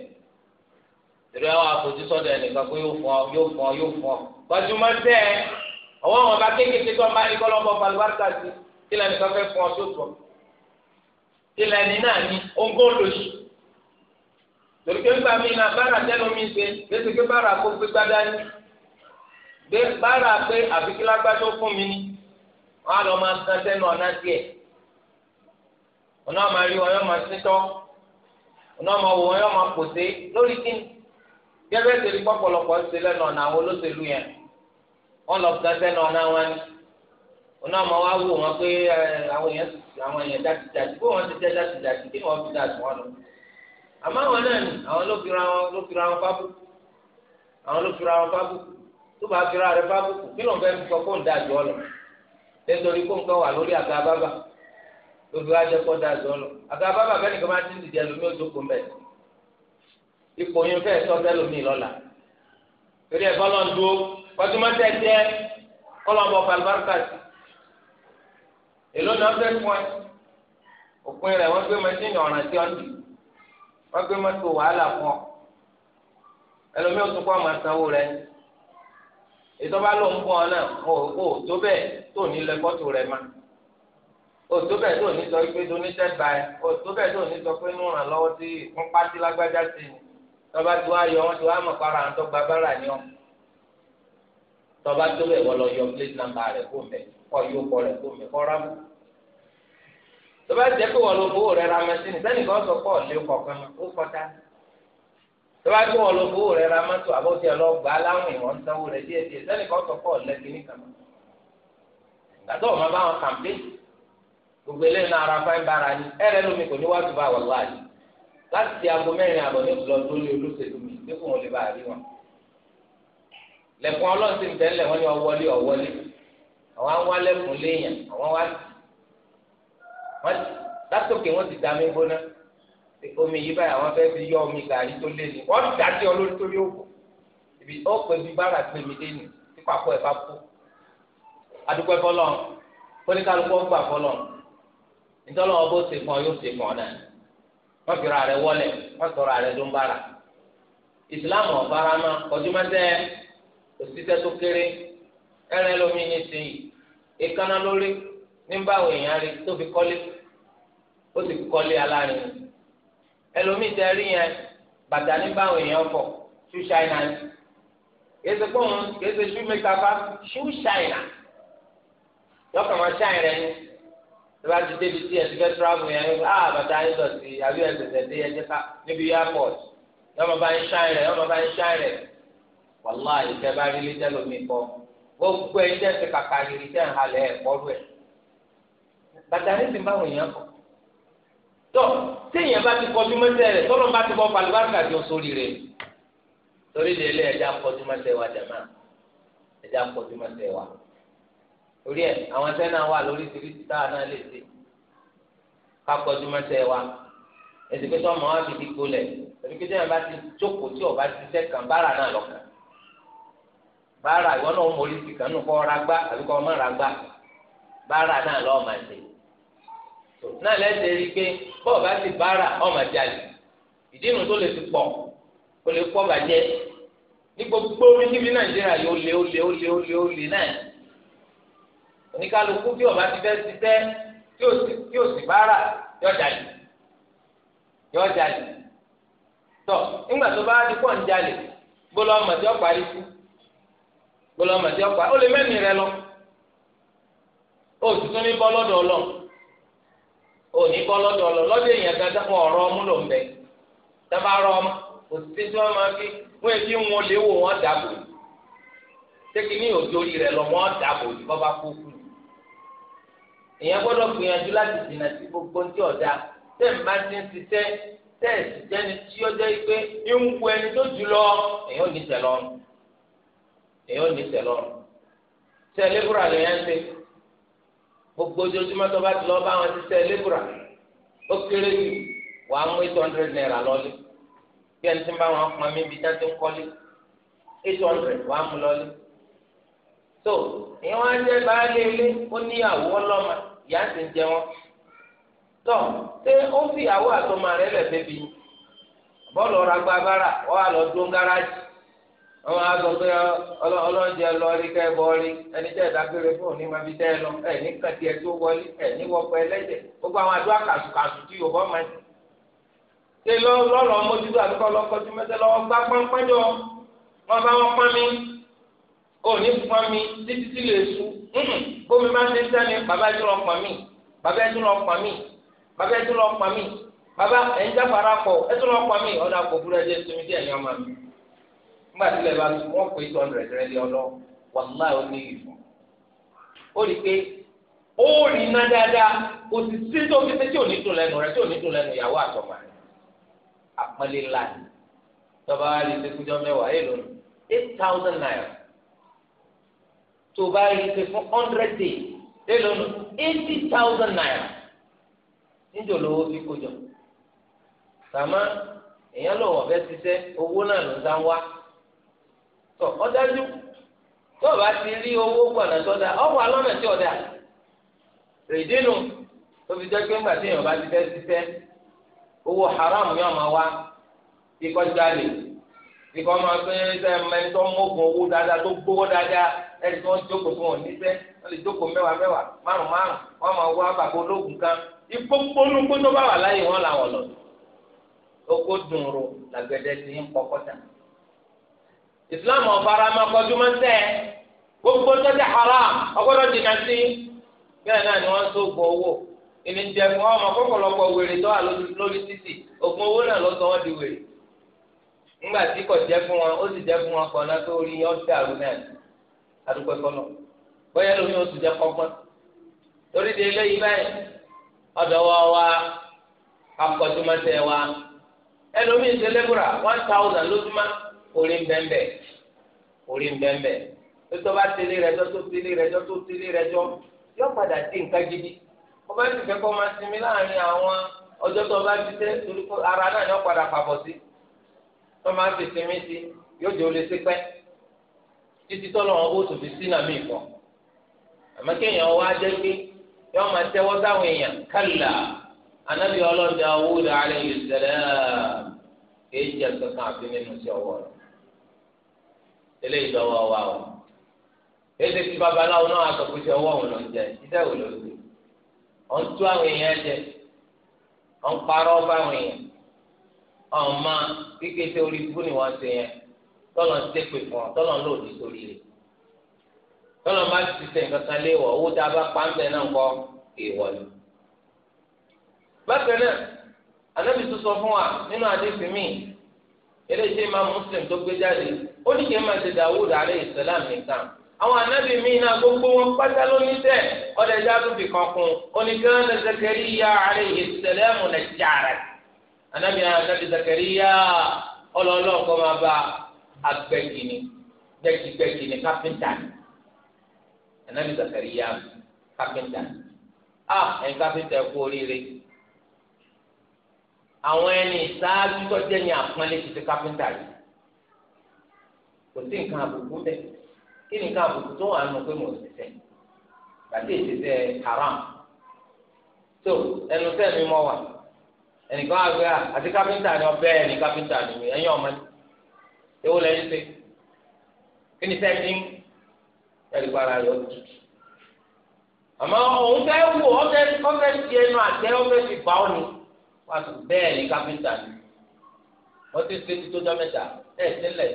Torí àwọn àfojúsọ́dọ̀ ẹnìkan pé yóò fún ọ yóò fún ọ yóò fún ọ. Gbajúmọ̀ tẹ́ ẹ ọwọ́ wọn bá kékeré tó ń bá ikọ́ lọ́bọ̀ balùwárìkà sí kí lẹ́nu kan fẹ́ fún ọ tó tọ̀. Kí lẹ́ni náà ní ogún lòṣì. Torí pé nígbà míì náà bára tẹ́nu mi ṣe léṣe pé bára kó gbé gbádá ní. Gbé bára pé àfikílágbá tó fún mi ní. Wọ́n á lọ máa kan tẹ́nu ọ̀nà tiẹ̀. Ọ̀nà àmàlí wọn yóò máa ṣítọ́ ọ̀nà ọmọ wò wọn yọ ọmọ pòṣe lórí kíni gẹ́gẹ́ bí ètò ìpọ́pọ̀lọpọ̀ ń ṣe lẹ́nu ọ̀nà àwọn olóṣèlú yẹn wọ́n lọ gán sẹ́nu ọ̀nà wọn ni ọ̀nà ọmọ wa wò wọn pé àwọn èèyàn àwọn èèyàn dájúdájú bó wọn ti jẹ́ dájúdájú kí wọ́n fi dájú wọn lọ. àmọ́ àwọn náà ni àwọn ló fira wọn ló fira wọn fábù àwọn ló fira wọn fábù tó bá fira rẹ fábù kí lóun fẹ́ sọ kó ń dájú ọ lọ nítorí kó ń kọ́ wà lórí àga bábà lóbi wá jẹ́ kó da zọ́ lọ àgàbà bàbá nìkan máa ti ń dìde ẹlòmí òjòkó mbẹ ipò yín fẹ́ sọ fẹ́ lómi lọla torí ẹ̀ bọ́lọ̀ ń dúró kọ́tùmọ́tẹ́ tiẹ́ sí èló náà òpin rẹ̀ wọn gbé mẹ́tíìnì ọ̀ràn tí wọ́n dì gbé wàhálà fún ọ ọmọ rẹ ìtọ́ba ló ń fún ọ náà kó o tó bẹ́ẹ̀ tó ní lẹ́kọ́tù òtó bẹ́ẹ̀ tó ní sọ pé donate by òtó bẹ́ẹ̀ tó ní sọ pé nù ràn lọ́wọ́ sí fún pátí lágbájá sí ni tọ́ba tó wá yọ wọ́n tó wá mọ̀ para àwọn tó gba bára ni ọ́ tọ́ba tó bẹ̀ wọ́n lọ yọ plate number rẹ̀ kó mẹ́ kọ́ yóò kọ́ rẹ̀ kó mẹ́ kọ́ rà mú. tọ́ba jẹ́ pé wọ́n lọ fowó rẹ̀ ra mẹ́sìnì sẹ́ni kan sọ pọ̀ lé kọ̀ọ̀kan ó kọjá tọ́ba tó wọ́n lọ fowó rẹ̀ ra mọ́tò àbọ̀tí ẹ̀ lọ gbà á láwìn wọ́n sanwó rẹ̀ díẹ̀díẹ̀ sẹ́ni kan sọ pọ̀ lẹ́kìnní kan. gbàtọ́ ọ̀ gbogbo eléyìí náà ara fáin bára ni ẹrẹ lómi kò ní wá tó bá wà láàyè láti ti aago mẹ́rin àbọ̀ ní ìlọ lórí olóṣèlú mi pé kò wọn lè bá rí wọn. lẹ̀kùn ọlọ́run ti ń tẹ́lẹ̀ wọ́n ní ọwọ́lé ọwọ́lé àwọn àwọn alẹ́kùn léèyàn àwọn wá wọ́n látòkè wọ́n ti dá mi gbóná omi yìí báyìí àwọn fẹ́ẹ́ fi yọ omi gàrí tó lé ní wọ́n dá sí ọlórí tó yóò kù ibi ó pè bí bára pè mí dé nì tí pàpọ̀ ẹ̀ bá kú adúpẹ́ fọlọ́n kóníkàlùkọ́ gbà fọlọ́n nítorí wọn bó ṣe fún yóò ṣe náà fi ra wọlé wọn sọ̀rọ̀ rẹ ló ń bára ìsìláàmù ọ̀bára náà kọjú mẹ́tẹ́ òṣìṣẹ́ tó kéré ẹ̀rẹ́ lómi ní sí i èkánná lórí nígbà wo èèyàn rí tó fi kọ́lé ó sì kọ́lé alárin ẹlòmíì tẹ rí yẹn bàtà nígbà wo èèyàn fọ ṣú tó bá ti débi tí ẹtì fẹ́ travel yẹn á ah, bàtà yín lọ sí àbí ẹsẹ̀sẹ̀ dé ẹjẹ́ ká níbi airport yọmọ bá ń ṣáì rẹ̀ yọmọ bá ń ṣáì rẹ̀ wàlá ìtẹ́ bá rí lẹ́tẹ́ lómi kọ́ gbogbo ẹ̀yin tẹ́ ti kàkà yìí tẹ́ ń halẹ̀ ẹ̀kọ́rú ẹ̀ bàtà yín ti báwọn èèyàn kọ́ tó téèyàn bá ti kọjú mẹ́tẹ́ rẹ̀ tọ́lọ́ bá ti bọ́ palibáńkà jọ sórí rẹ̀ torí lè lé ẹja kọjú mẹ́tẹ́ wa jàmá ẹja kọjú mẹ́tẹ́ wa orí ẹ àwọn ẹsẹ náà wà lórí tìrìtì táwa náà lè ṣe kakọjú mẹsẹ wa ẹsìnkú tó ọmọ wa fi di gbolẹ ẹsìnkú tó yẹn bá ti jókòó tí ọba ti sẹ kàn bára náà lọ kàn bára ìwọ náà mọ orí ti kàn nù kọ ọra gbá àbí kọ ọmọ ra gbá bára náà lọ ọmọ ẹsẹ náà lẹsẹ rí i pé bọ́ọ̀ bá ti bára ọmọ jalè ìdí inú tó lè ti pọ̀ kó lè pọ̀ bàjẹ́ ní gbogbo orí níbi nàìjíríà yóò lé ó lé ó lé ó lé ó lé náà. oníkálukú tí ọba ti fẹ́ ṣiṣẹ́ tí o sì bára yọ jalè yọ jalè tọ nígbà tó bá di pọ̀ ń jalè gbọ́dọ̀ ọmọ tí ọ parí sí gbọ́dọ̀ ọmọ tí ó parí ó lè mẹ́rin rẹ lọ ó tuntun ní bọ́ lọ́dọ̀ ní bọ́ lọ́dọ̀ lọ́dọ̀ èèyàn kan ọ̀rọ̀ ọmú bẹ rọ ọmọ fi wọ́n èyí dàbò tẹ́kí ní òjò rẹ lọ wọ́n dàbò bá kú kú èèyàn gbọ́dọ̀ gbìyànjú láti dènà sí gbogbo ní ọ̀dà tẹ̀ ń bá ti ń ṣiṣẹ́ tẹ̀ sì jẹ́ni tí ó jẹ́ pé ń wu ẹni tó jù lọ èèyàn ò ní tẹ̀ lọ́rùn èèyàn ò ní tẹ̀ lọ́rùn tẹ̀ lébùrà lè yẹn ṣe gbogbo ojoojúmọ́ tó bá ti lọ bá wọn ti tẹ̀ lébùrà ó kéré jù wàá mú eight hundred naira lọ́lé bí ẹni tí ń bá wọn pọn mí bí dáńtí ń kọ́lé eight hundred wàá mú lọ́lé. so ìyẹn wọn jẹ baálé ilé ó níyàwó ọlọ́mọ ìyá sì ń jẹ wọn tó ṣé ó fi ìyàwó àtọmọ rẹ̀ lẹ bẹbí bọ́ọ̀lù ọ̀rọ̀ agbábára wọ́n á lọ dún gáràjì àwọn àgbọ̀ pé lọ́ọ́rí kẹ́ ẹni tẹ́ fún òní máa fi tẹ́ ẹ lọ ẹ ní kàtí ẹ tó wọlé òní fún mi títí tí lè su bómi máa ń dé sani bàbá ẹjọ́ lọ pọ̀ mí bàbá ẹjọ́ lọ pọ̀ mí bàbá ẹjọ́ lọ pọ̀ mí bàbá ẹ̀ńdá fara pọ̀ ẹjọ́ lọ pọ̀ mí ọ̀dà kò burú ẹjẹ́ sinmi díẹ̀ ní ọmọ mi nígbà tí lè ba wọ́n pè é two hundred rẹ̀ lé ọlọ́ wàláì ó ní ìfọ̀ ó rí i pé ó rí iná dáadáa kò sì sí tó fi ṣe tí ò ní dùn lẹ́nu rẹ̀ tí ò dùn lẹ́nu ìyàwó àtọ̀mọ̀ rẹ̀ àpẹẹlẹ tọ́ba wa lè ṣe kújọ́ mẹ́wàá èèlò eight thousand naira tó o bá rí fún hundred days lélo eighty thousand naira níjọ lówó fi kójọ sàmá èèyàn lò wọ́n fẹ́ ṣiṣẹ́ owó náà ló ń wá ọ dájú tó o bá ti rí owó gbọ̀nà tó ọ̀pọ̀ alọ́nà tí o tó fi jẹ́ pé ńgbà tí èèyàn bá ti fẹ́ owó haram yóò máa wá bí kọjá ní kò máa pé ṣe ẹni tó mọ́gun owó dáadáa tó gbówó dáadáa ẹni tó ń jókòó tó wọn níṣẹ́ wọ́n lè jókòó mẹ́wàá mẹ́wàá márùn márùn wọ́n máa wá bàbá ológun kan ìgbógbó ológbó tó bá wà làwọn lọ oko ti ń gbogbo haram ọgbọ́dọ̀ sí bẹ́ẹ̀ náà ni wọ́n owó ọmọ wèrè tó wà lórí títì ńgbà tí kò jẹ́ fún wọn ó sì fún wọn tó rí náà bóyá lómi torí de eléyìí báyìí ọ̀dọ̀ wa wa akọ̀tùmọ̀tẹ̀ wa ẹlòmíì ṣe one thousand lójúmọ́ orí ń orí ń tó bá tẹ̀lé rẹ̀ jọ́ tó tẹ̀lé tó padà nǹkan ara náà wọ́n máa ń fi sinmi sí yóò jẹ́ olè sípẹ́ títí tọ́lọ́ wọn ó tún fi sí nàmì ìfọ̀ àmọ́ kéèyàn wá jẹ́ pé yọ máa tẹ́wọ́ sáwọn èèyàn kálá anábì ọlọ́dẹ awúrẹ́ alayhi salam kéèjì ẹ̀sọ́kàn àfi nínú sí ọwọ́ rẹ̀ eléyìí lọ́wọ́ wa o èdè tí babaláwo náà aṣọ pé sí ọwọ́ òun ló ń jẹ iṣẹ́ ló ń jẹ àwọn èèyàn jẹ ọ̀ ń parọ́ fáwọn èèyàn ọmọ kíkẹ́ tẹ orí ibú ni wọ́n ṣe yẹn tọ́lọ̀ ń tẹ́pẹ̀ fún ọ tọ́lọ̀ ń lò ní sórí rẹ̀ tọ́lọ̀ má ti tẹ̀ nǹkan kan léwọ̀ owó tá a bá pàǹtẹ̀ náà kọ́ èèwọ̀ ni. bákan náà anábì tó sọ fún wa nínú àdéhùn mi eléyìí máa Muslim tó gbé jáde ó ní kí ẹ máa ṣe Dawud alayhi salam nìkan àwọn anábì míì náà gbogbo wọn pátá ló ní tẹ ọdẹ jáde fi kan kún oníkan Zakariya alayhi salam nàìjíríà anabi anabi zakariya ọlọlọ kọ máa bá agbẹkini gbẹkigbẹkini kápẹntà anabi zakariya kápẹntà a ah, ẹn kápẹntà ẹkú oríire àwọn ẹni sáájú tọjẹ ní àpọnlé ti ti kápẹntà yìí kò sí nǹkan àbùkù bẹ kí ni nǹkan àbùkù tó wà nù pé mo sì sẹ kàtí èsì sẹ haram tó ẹnu sẹ mi mọ wà ẹnìkan àgbẹ̀ àti kápẹ́ńtà ni ọbẹ̀ ẹni kápẹ́ńtà ni mi ẹ̀yin ọmọ ni ewu lẹ́yìn ṣe kí ni sẹ́ẹ̀tì ń ẹ̀rí para rẹ̀ ọ̀tún. àmọ́ òun fẹ́ wù ọ̀fẹ́ ọ̀fẹ́ ti ẹnu àtẹ ọ̀fẹ́ ti bá ọ ni wọ́n ti bẹ́ẹ̀ ni kápẹ́ńtà ni wọ́n ti ṣe ti tó dá mẹ́ta ẹ̀ sílẹ̀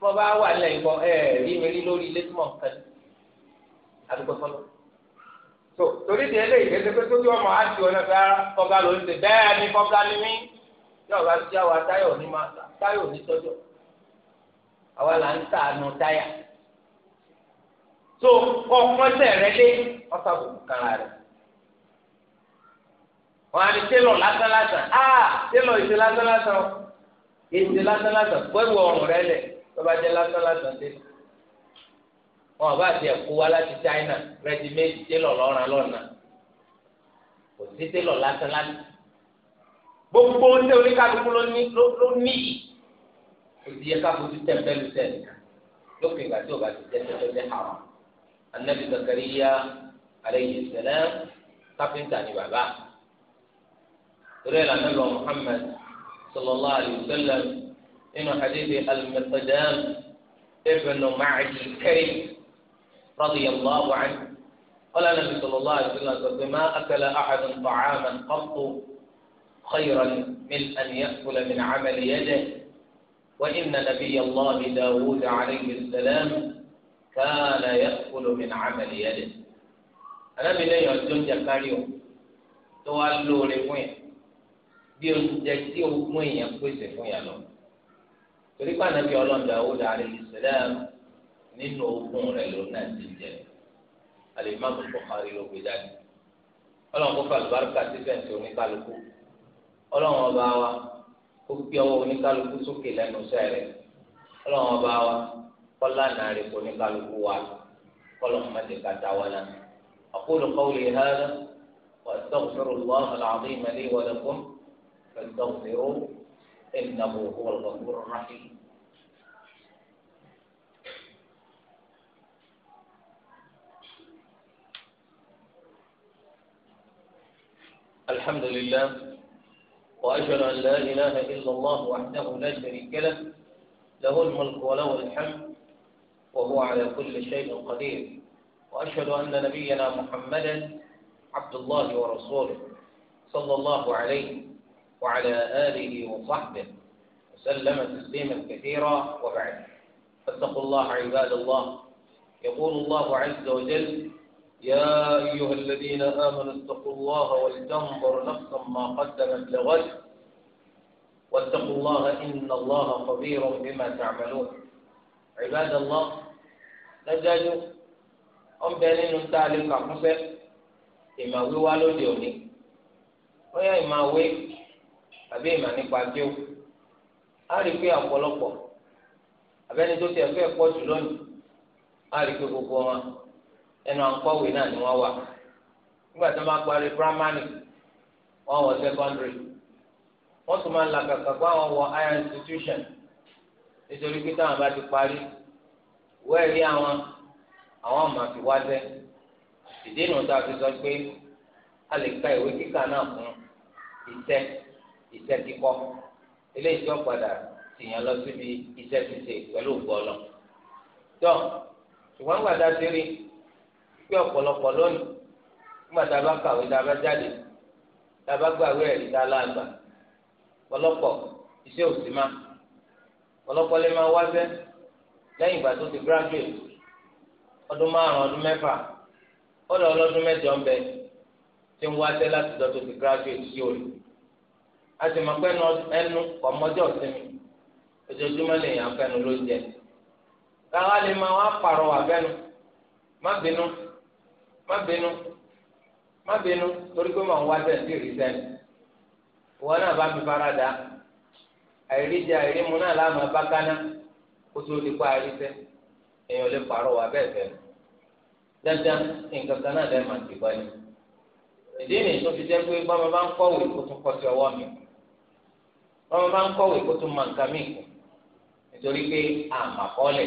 fọba wà lẹ́yìn kọ ẹ̀ẹ́dì mi rí lórí ilé tí mò ń kẹ́lẹ́ tó torí di eléyìí lé pé tó tí ọmọ àti ọ̀nà ká kọ́gá ah, ló ń ṣe bẹ́ẹ̀ ni kọ́gá ni mí yóò bá ti àwọn táyọ̀ ní máa táyọ̀ ní tọ́jọ́ àwa là ń tà nù táyà tó ọkàn tẹ̀ rẹ lé ọ̀sàbò kàrà rẹ̀ wọn á ní télọ̀ lásán lásán á ah, télọ̀ ìṣe lásán lásán ìṣe lásán lásán pẹ̀lú ọrùn rẹ lẹ̀ tó bá jẹ́ lásán lásán dé wọn bá tiẹ̀ kó wa láti China rẹ́dímẹ́tì télọ̀ lọ́ràn lọ́nà kò sí télọ̀ lásán lásán gbogbo ní oníkàlùkù ló ní ló ní yìí òsì yẹ ká fojú tẹ̀m̀bẹ́lú sẹ́ni lókè ìgbà tí o bá ti jẹ́ tẹ̀m̀bẹ́lú àwọn anabi Zakariya aleyhi salam káfíńtà ni bàbá rẹ́ẹ̀lì anabi wa Muhammad sallallahu alayhi wa sallam nínú hadithi al-Miqdam ibn Ma'adi Karim. رضي الله عنه قال النبي صلى الله عليه وسلم ما أكل أحد طعاما قط خيرا من أن يأكل من عمل يده وإن نبي الله داود عليه السلام كان يأكل من عمل يده أنا أي أجل جكاريو توالو لكوين بيون جكتيو كوين يكوين سفوين يلو تريد أن نبي الله داود عليه السلام nínú ogún rẹ̀ ló náà ti jẹ alimami Bukhari ló gbé jáde ọlọ́run kó fa àlùbáríkà sí fẹ̀ǹsì oníkálukú ọlọ́run ọba wa kó gbé ọwọ́ oníkálukú sókè lẹ́nu sẹ́rẹ̀ ọlọ́run ọba wa kọ́lá nàárì kó oníkálukú wa kọ́lọ́run má ti kàtà wọn náà aqulu qawli hadha wa astaghfirullaha al-azima li wa lakum fastaghfiruhu innahu huwal ghafurur rahim. الحمد لله وأشهد أن لا إله إلا الله وحده لا شريك له له الملك وله الحمد وهو على كل شيء قدير وأشهد أن نبينا محمدا عبد الله ورسوله صلى الله عليه وعلى آله وصحبه وسلم تسليما كثيرا وبعد فاتقوا الله عباد الله يقول الله عز وجل يا أيها الذين آمنوا اتقوا الله ولتنظر نفسا ما قدمت لغد واتقوا الله إن الله خبير بما تعملون عباد الله نجاج أم بينين تعليم كحفة إما ويوالو ديوني ويا إما وي أبي إما نقاجيو أعرف يا أقول أبẹ́ni tó ti ẹ̀fẹ́ pọ̀ jù lónìí á rí ẹnu àǹkọ̀wé náà ni wọ́n wà nígbà tí wọ́n bá parí primary wọ́n wọ secondary wọ́n tún máa ń làkàkà pé àwọn wọ higher institution nítorí pé táwọn bá ti parí wẹ́ẹ̀rí àwọn àwọn ọmọ àti wáṣẹ́ ìdí ìnù tá a sọ pé a lè ka ìwé kíkà náà fún ìtẹ ìtẹ eléyìí lọ síbi pẹ̀lú tó gbàdá pé ọ̀pọ̀lọpọ̀ lónìí nígbà tá a bá kàwé tá a bá jáde tá a bá gbàwé ẹ̀rí tá a láàgbà ọ̀pọ̀lọpọ̀ iṣẹ́ òsì máa ọ̀pọ̀lọpọ̀ lè máa wáṣẹ́ lẹ́yìn ìgbà tó ti graduate ọdún márùn-ún ọdún mẹ́fà ọ̀dọ̀ ọlọ́dún mẹ́jọ ń bẹ tí ń wáṣẹ́ láti tó ti graduate sí òòlù a sì máa pẹ́ ẹnu ọmọjọ́ sinmi ojoojúmọ́ lèèyàn fẹ́nu ló káwá lè máa wá pàrọwà fẹ́nu má bínú má bínú má bínú torí pé màá wá bẹ́ẹ̀ sí ìrísẹ́ni ìwọ náà bá mi fara dà àìríjẹ àìrímu náà láàmú abákaná kó tó di pa àrísẹ́ èèyàn lè pààrọ̀ wà bẹ́ẹ̀ fẹ́ dandan nǹkan kan náà lẹ́ẹ̀ máa ti gbọ́ ni ìdí nìyí tó fi jẹ́ pé bọ́mọ bá ń kó tún kọ́ sí ọwọ́ mi bọ́mọ bá ń kó tún máa nítorí pé àmàkọ́lẹ̀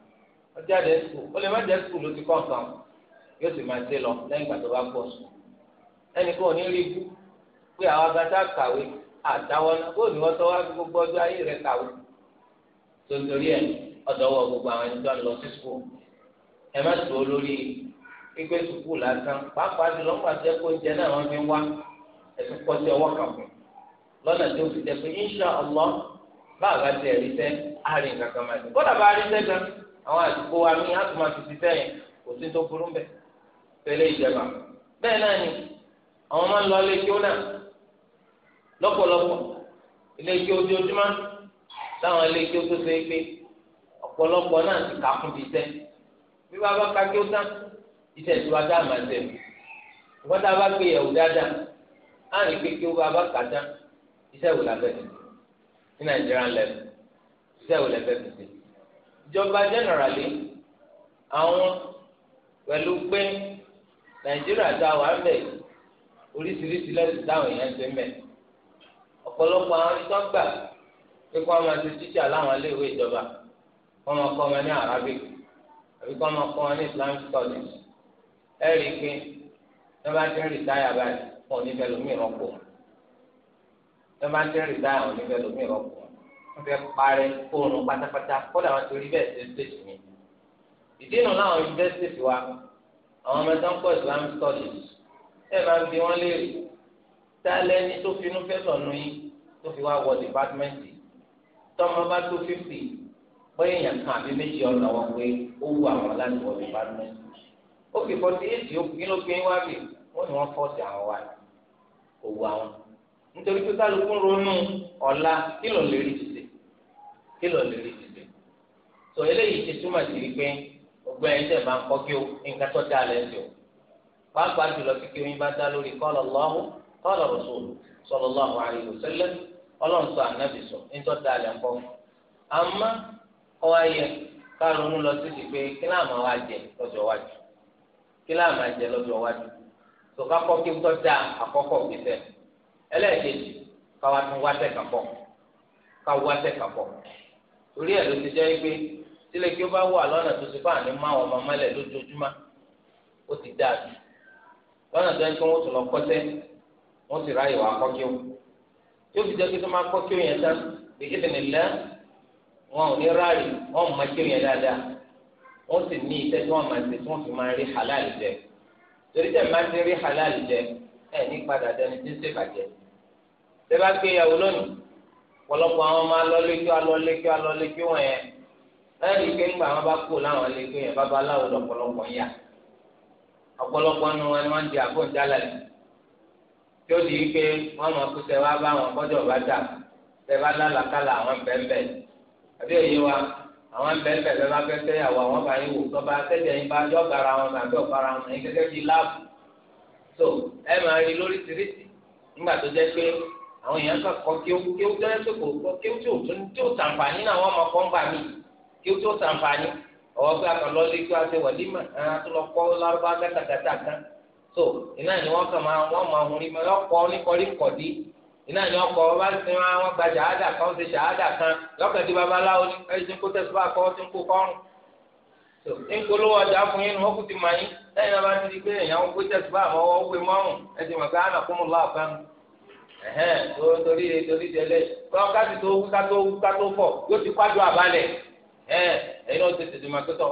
ọjà dẹ skul ó lè má jẹ skul ló ti kọ́ nǹkan yóò sì máa ṣe lọ lẹ́yìn ìgbà tó bá pọ̀ sùn ẹnì kan ò ní rí pé àwọn kàwé náà gbogbo ọjọ́ ayé rẹ̀ kàwé tontorí ẹ̀ ọ̀dọ́wọ́ gbogbo àwọn ẹni tó ń lọ sí skul ẹ má sùn ó lórí pípé lásán pàápàá insha bá àgbà tẹ̀ sẹ́ àárín kankan máa àwọn àdúgbò wa mi á tún máa fi ṣiṣẹ́ yẹn kò sí tó burú bẹ́ẹ̀ tẹ́lẹ̀ ìjẹba bẹ́ẹ̀ náà ni àwọn máa ń lọ ilé kíó náà lọ́pọ̀lọpọ̀ ilé kíó ojoojúmọ́ táwọn ilé kíó tó ṣe é gbé ọ̀pọ̀lọpọ̀ náà ti kà fún ti tẹ́ bí wàá bá ka kíó tán iṣẹ́ tí àmà tẹ̀ wọ́n tá a bá gbé yẹ̀wò dáadáa á rìn pé kíó bá kà tán iṣẹ́ wò ní Nàìjíríà lẹ́nu iṣẹ́ wò lẹ́fẹ́ ìjọba generally àwọn pẹ̀lú pé nàìjíríà tá a wà ń bẹ̀ oríṣiríṣi lẹ́sìn táwọn èèyàn ti ń bẹ̀ ọ̀pọ̀lọpọ̀ àwọn tí wọ́n gbà pé kí wọ́n máa ti tíṣà láwọn iléèwé ìjọba kí wọ́n máa kọ́ wọn ní arabic àbí kí wọ́n máa kọ́ wọn ní islamic studies ẹ rí i pé wọ́n bá ti ń rìtáyà báyìí wọn ò ní bẹ́ẹ̀ lómi ìrọ́pò wọ́n ti ń rìtáyà wọn ò ní bẹ́ẹ̀ lómi ìrọ́pò wọ́n fẹ́ parẹ́ oorun pátápátá kódà wọ́n torí bẹ́ẹ̀ ṣe ń tẹ̀sí mi. ìdí inú láwọn universities wa àwọn ọmọ tó ń kọ́ Islam studies ẹ máa ń bi wọ́n léèrè tá a lẹ́ni tó finú fẹ́ sọ̀nù yín tó fi wá wọ dìpátímẹ́ǹtì tọ́mọ bá tó fífì bóyá èèyàn kan àbí méjì ọ̀nà wọn pé ó wù àwọn láti wọ dìpátímẹ́ǹtì. ó fi fọ́tí èsì ó kí ló gbé wá bì wọ́n ni wọ́n fọ́ọ̀sì àwọn wa kò wù àwọn nítorí pé kálukú ronú ọ̀la kí ló lè rí kí lọ lè rí títì tó eléyìí ti túmọ̀ sí wípé gbogbo ẹni máa ń kọ́ kí o nǹkan tó dá lẹ́ sí pàápàá jùlọ kí kí o bá dá lórí kọ́lọ̀ lọ́hùn kọ́lọ̀ ọlọ́run sọ ànábì sọ dá lọ sí ti pé kí jẹ lọ́jọ́ wájú kí jẹ lọ́jọ́ wájú tó ká kọ́ kí tó dá torí ẹ̀ ló ti jẹ́ pé tílẹ̀ kí ó bá wà lọ́nà tó ti bá àní má wọn máa mọ́lẹ̀ lójoojúmọ́ ó ti dáa jù lọ́nà tó ń pé wọ́n tún lọ kọ́tẹ́ wọ́n sì ráyè wá kọ́kí o yóò fi jẹ́ pé tó máa kọ́kí o yẹn tán lè yé tẹ̀lé lẹ́ wọn ò ní ráyè wọn ò máa o yẹn dáadáa wọ́n sì ní iṣẹ́ tí wọ́n máa ṣe tí wọ́n fi máa rí halal jẹ torí tẹ̀ máa ti rí halal jẹ ẹ̀ ní padà dẹni tí ń ṣèbàjẹ́ tẹ́ bá gbéyàwó lónìí ọ̀pọ̀lọpọ̀ àwọn máa lọ lékè alọ lékè alọ lékè wọn yẹn lẹ́yìn ike ńgbà wọn bá kú láwọn lékè yẹn babaláwo lọ̀pọ̀lọpọ̀ ń yà ọ̀pọ̀lọpọ̀ nu wọn wọn di àbọ̀ǹdálà yìí tí ó di ike wọn mọ̀ kú sẹ́ wá bá wọn kọ́jọ́ bá dà sẹ́ bá lálàkàlà àwọn bẹ́ẹ̀bẹ́ àbí èyí wa àwọn bẹ́ẹ̀bẹ́ bẹ́ẹ̀ bá fẹ́ sẹ́yàwó àwọn bá yín wò tọ́ba sẹ́jẹ̀ yín bá yọ̀ wọn àbí ọ̀fara wọn yín gẹ́gẹ́ bíi láàbù tó ẹ máa rí lóríṣiríṣi nígbà tó jẹ́ pé àwọn èèyàn kan kọ kí ó kí ó tẹ́lẹ̀ tó kò kọ kí ó tí ò tún tí ó sàǹfààní náà wọ́n mọ̀ kọ́ ń gbà mí kí ó tí ó ọ̀wọ́ pé akàn lọ́ọ́ lé kí wọ́n mà á tó lọ kọ́ lárúbá gàtàgàtà kan so iná ni wọ́n kàn máa wọ́n mọ àwọn onímọ̀ lọ́kọ́ oníkọ́rí kọ̀dí iná ni ọkọ̀ ọba ti wọn wọn gba ṣàhádà kan ṣe ṣàhádà kan lọ́kàndín babaláwo ní ẹ̀sìn kó tẹ̀síwá kọ́ ti ń kó kọ́rùn so nkolówó ọjà fún yín ni wọ́n kú ti mọ̀ yín lẹ́yìn náà bá ti di pé èèyàn ń kó tẹ̀síwá àwọn ọwọ́ gbé mọ́rùn ẹ̀sìn mọ̀ pé ànàkúnmọ́ lọ́ọ̀kan ẹhẹn torí torí tẹ́lẹ̀ kọ káti tó wú kátó wú kátó fọ yóò ti kwájú ẹhẹn ẹyin tètè tó tọ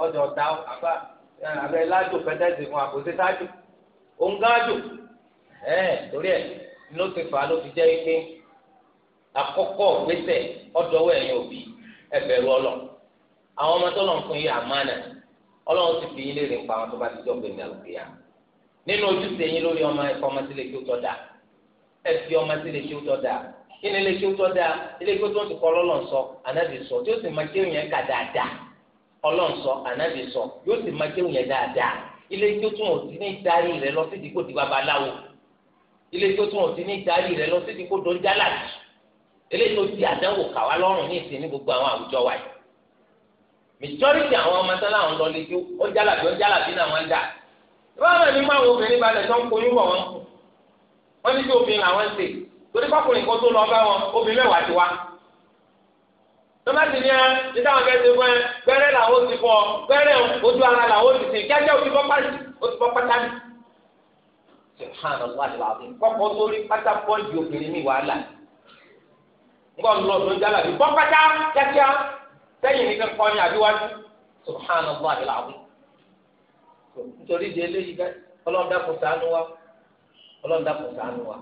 abẹ pẹtẹsì fún sáájú òun ẹhẹn torí ẹ ló ti fà ló fi jẹ ike àkọ́kọ́ gbèsè ọdọwọ ẹyin òbí ẹbẹrù ọlọ àwọn ọmọ tó lọ fún yìí àmánà Ọlọ́run ti fi yín léèrè ń pa àwọn tó bá ti jọ gbẹmí àlùkìyà nínú ojúṣe yín lórí ọmọ ọmọ sílẹ̀ kí ẹfi ọmọ sí lè ṣe ó tọ́ da kí ni lè ṣe ó tọ́ da ilé ìgbé tó ń kọ́ ọlọ́run sọ ànábì sọ tí ó sì máa kéwìn yẹn kà dáadáa ọlọ́run sọ ànábì sọ yóò sì máa kéwìn yẹn dáadáa ilé ìgbé tó ń ti ní darí rẹ lọ sí ìdíkò ti babaláwo ilé ìgbé tó ń ti ní darí rẹ lọ sí ìdíkò tó ń jálàjì ilé tó ti àdánwò kàwá lọ́rùn ní ìsìn ní gbogbo àwọn àwùjọ wa yìí àwọn ọmọ wọ́n ní sí obìnrin làwọn ń ṣe torí pákùnrin kan tó lọ bá wọn obìnrin mẹ́wàá ti wá. tọ́mátì ni ẹ ní táwọn akẹ́kẹ́ ti fún ẹ gbẹ́rẹ́ làwọn ti fọ gbẹ́rẹ́ ojú ara làwọn ti sìn kíákíá òfin bọ́ pátì ó ti bọ́ pátá mi. sèhánà wàhálà làwọn kọ́kọ́ tó rí pátá pọ́ǹdì obìnrin mi wàhálà nǹkan lọ ló ń jálà bí bọ́ pátá kíákíá sẹ́yìn nìkan kọ́ ni àbíwájú sèhánà wàhálà làwọn. nítorí ìdí eléyìí ọlọ́dà ọlọ́run dàpọ̀ sànù wa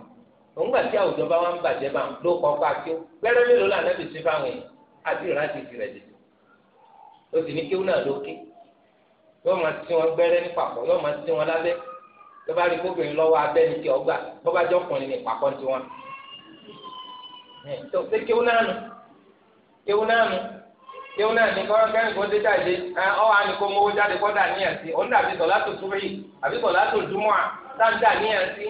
òǹgbà tí àwùjọ bá wà ń bàjẹ́ bá ló kọ́ ká kí ó gbẹ́rẹ́ mélòó là nẹ́bi sí fáwọn èèyàn àti ìrántí ti rẹ̀ dìde ó sì ní kí ó náà lókè yóò máa tí wọn gbẹ́rẹ́ ní papọ̀ yóò máa tí wọn lábẹ́ tó bá rí kóbìnrin lọ́wọ́ abẹ́ ní kí ọgbà bó bá jọ kùnrin ní papọ̀ ti wọn. tó ṣe kí ó náà nù kí náà nù kí náà ní kọ́ kẹ́rin kó dé jáde ọ wà ní kó mówó jáde kọ́ dà níyàn sí òun dàbí sọ̀lá tó àbí sọ̀lá tó à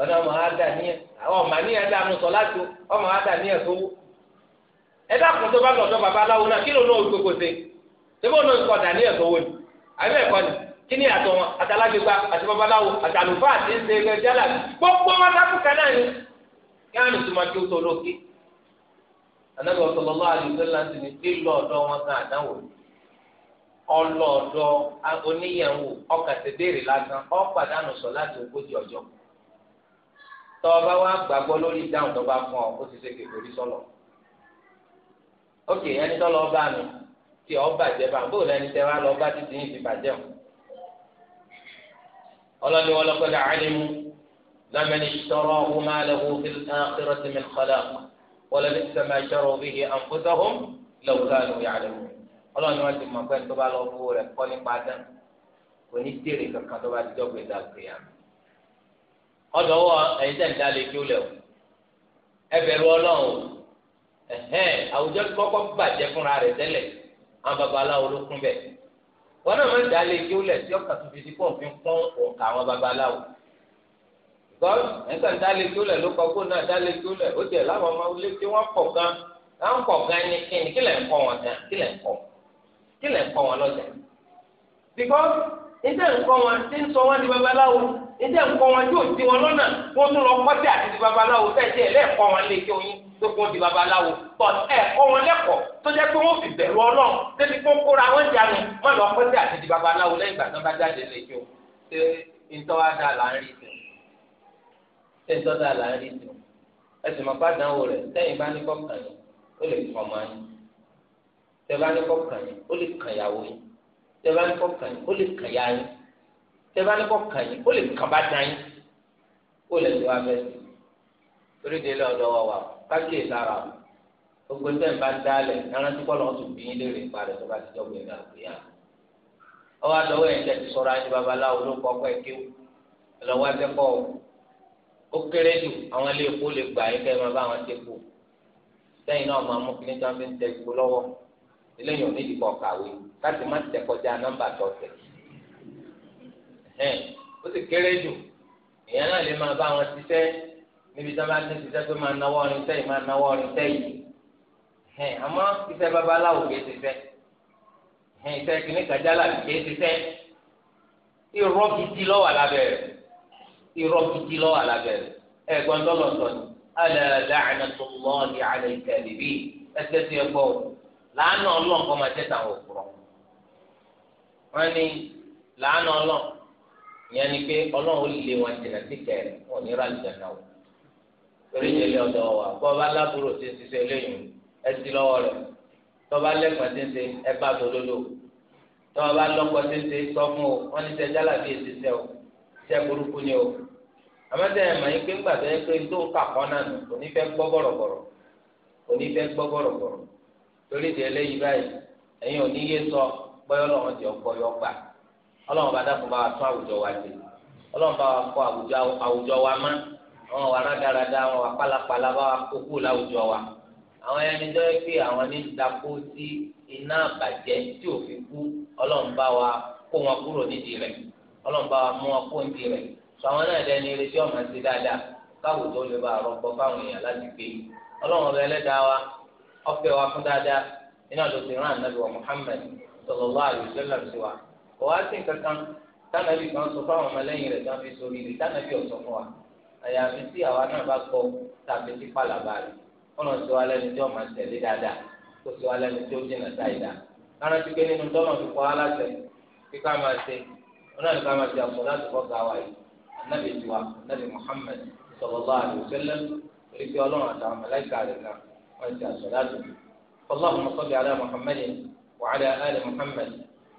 ọ̀nà ọmọ ada níyẹn ọmọ àníyàn dànù sọ láti ọmọ ada níyàn sówó ẹ dákun tó bá lọ́dọ̀ babaláwo náà kí ló náà ṣébí ọ̀nà ìkọ̀ ni àbí ẹ̀kọ́ ni kí ni àtọ̀ wọn àti àtàlùfà àti ṣe ẹgbẹ́ jálà gbogbo wọn dákú kaná ni kí wọn tún máa kí ó tó lókè ní lílọ ọ̀dọ̀ wọn kan àdáwò lásán sọ láti ogójì ọjọ́ kan tọba wa gbàgbọ́ lórí dáhùn tọba fún ọ ó ti ṣe kékeré sọlọ ókè ẹni tọ́ lọ bá mi tí ọ bàjẹ́ bá bó lẹni tẹ wá lọ bá títí yìí ti bàjẹ́ o ọlọ́ni wọn lọ́kọ́ dà ánimu lọ́mọdé sọ̀rọ̀ ọ̀hún máa lọ́wọ́ fi àkérò ti mi kọ́lá wọlé bí sẹ́mi àjọrò bí i àǹfọ̀sọ́hún lọ́wọ́sá ló yà lẹ́wọ́ ọlọ́ni wọn ti mọ̀ pé tọ́ba lọ fún rẹ̀ kọ́ nípa dán kò ní tèrè kankan tọ́ba ti dọ́gbẹ̀dá kéèyàn ọdọwọ ẹyin tẹ̀ ń dalè kí ó lẹ̀ o ẹ bẹ̀rù ọlọ́run o ẹ̀hẹ́n àwùjọ kọ́kọ́ bàjẹ́ fúnra rẹ̀ tẹ́lẹ̀ àwọn babaláwo ló kún bẹ̀ wọn náà máa ń dalè kí ó lẹ̀ tí ọkà tó fi di pọ̀ fi ń pọ́n òǹkà àwọn babaláwo gbọ́ ẹ̀ka ń dalè kí ó lẹ̀ ló kọ́ kó náà dalè kí ó lẹ̀ ó jẹ́ láwọn ọmọ ilé tí wọ́n pọ̀ gan láwọn pọ̀ gan ni kíni kí lẹ̀ ń kọ́ wọn gan kí lẹ̀ ń kọ́ kí lẹ̀ ń kọ́ wọn lọ́jà because ìjẹ́ nǹkan wọn ti ń sọ wọn di babaláwo níta ń kọ́ wọn tí ò ti wọn lọ́nà wọ́n tún lọ kọ́ sí àti di babaláwo tẹ̀sí ẹ̀ lẹ́ẹ̀kọ́ wọn lé kí oyin tó kún di babaláwo but ẹ̀ kọ́ wọn lẹ́kọ̀ọ́ tó jẹ́ pé wọ́n fi bẹ̀rù ọlọ́run débi kó kóra wọn jáde wọ́n lọ kọ́ sí àti di babaláwo lẹ́yìn ìgbà tó bá jáde lè jó ṣé ntọ́wá dà láàrin ìsìn ṣé ntọ́ dà láàrin ìsìn ẹsùn mọ̀ pàdánwò rẹ̀ sẹ́yìn bá ní kọ́kàn yín bá ní kọ́kàn yín ó lè kàn yàwó yín tẹ́ bá ní kọ́kàn yín ó lè kàn yá tẹ́bá ní kọ́ kàn yín ó lè kàn bá dán yín ó lè tó abẹ́ torí délé ọ̀dọ́ wa wà kákìí sára gbogbo tẹ́ ń bá dálẹ̀ ẹran tí kọ́lọ́ tún bí yín léèrè parẹ́ tó bá ti jọ́ gbẹ̀ngà gbéyà ọwọ́ àdọ́wọ́ yẹn tẹ́ ti sọ̀rọ̀ ayé babaláwo ló kọ́ pẹ́ kí ẹlọ́wọ́ àtẹ́kọ́ ó kéré jù àwọn ilé epo lè gbà yín kẹ́ ẹ máa bá àwọn ti kù sẹ́yìn náà máa mú kíní tí wọ́n fi ń tẹ ìgbó lọ́wọ́ eléyìí ò ní ìdìbò kàwé láti má tẹ kọjá nọ́mbà tó tẹ̀ sí ó sì kéré jù èèyàn náà lè máa bá wọn ṣiṣẹ́ níbi tí wọ́n bá ní ṣiṣẹ́ pé máa náwó ọrin sẹ́yìn máa náwó ọrin sẹ́yìn àmọ́ iṣẹ́ babaláwo kìí ṣiṣẹ́ iṣẹ́ kìíní kàjálà kìí ṣiṣẹ́ irọ́ gidi ló wà irọ́ gidi ló wà lábẹ́ rẹ̀ ẹ̀gbọ́n ni ala la'natullahi 'ala máa tàwọn ìyẹn ni pé ọlọ́run lè wọn jìnnà sí kẹrẹ wọn ò ní ra àlùjáná o torí ìdílé ọ̀dọ̀ wa bọ́ọ̀bá lábúrò ti ń ṣiṣẹ́ lẹ́yìn ẹ ti lọ́wọ́ rẹ̀ tọ́ba lẹ́kọ̀ọ́ ti ń ṣe ẹ bá tòlódò tọ́ba lọ́kọ̀ ti ń ṣe sọ fún o wọ́n ní sẹ́jà làbí èsì sẹ́ o sẹ́ burúkú ni o àmọ́tẹ́ ẹ̀ màá yín pé ńgbà tó pé tó ń náà nù kò ní fẹ́ gbọ́ bọ̀rọ̀bọ̀rọ̀ kò ní fẹ́ gbọ́ bọ̀rọ̀bọ̀rọ̀ torí ìdílé yìí báyìí ẹ̀yin ò ọlọ́run bá dákun bá wa tún àwùjọ wa ṣe ọlọ́run bá wa kó àwùjọ àwùjọ wa mọ́ àwọn wa rádaràda àwọn wa pálapàla bá wa kókó láwùjọ wa àwọn ẹni tó yẹ àwọn ní dako sí iná àbàjẹ́ tí ò fi kú ọlọ́run bá wa kó wọn kúrò nídìí rẹ ọlọ́run bá wa mú wọn kó nídìí ọwọ́ àti kankan tánàbí kan sọ fáwọn ọmọlẹ́yìn rẹ̀ tó ń fi sórí rẹ̀ tánàbí ọ̀sọ̀ fún wa àyàfi tí àwa náà bá gbọ́ tàbí tí pàlàbà rẹ̀ ọ̀nà tí wàá lẹ́nu tí ọ̀mà tẹ̀lé dáadáa kó tí wàá lẹ́nu tí ó jìnà dáadáa lára ti pé nínú tọ́nà tó kọ́ aláṣẹ kí ká máa ṣe ọ̀nà ní ká máa ṣe àpò láti kọ́ ga wa yìí anábì tiwa anábì Muhammad sallallahu alaihi wasallam ọlọ́run àtàwọn mẹ́lẹ́kà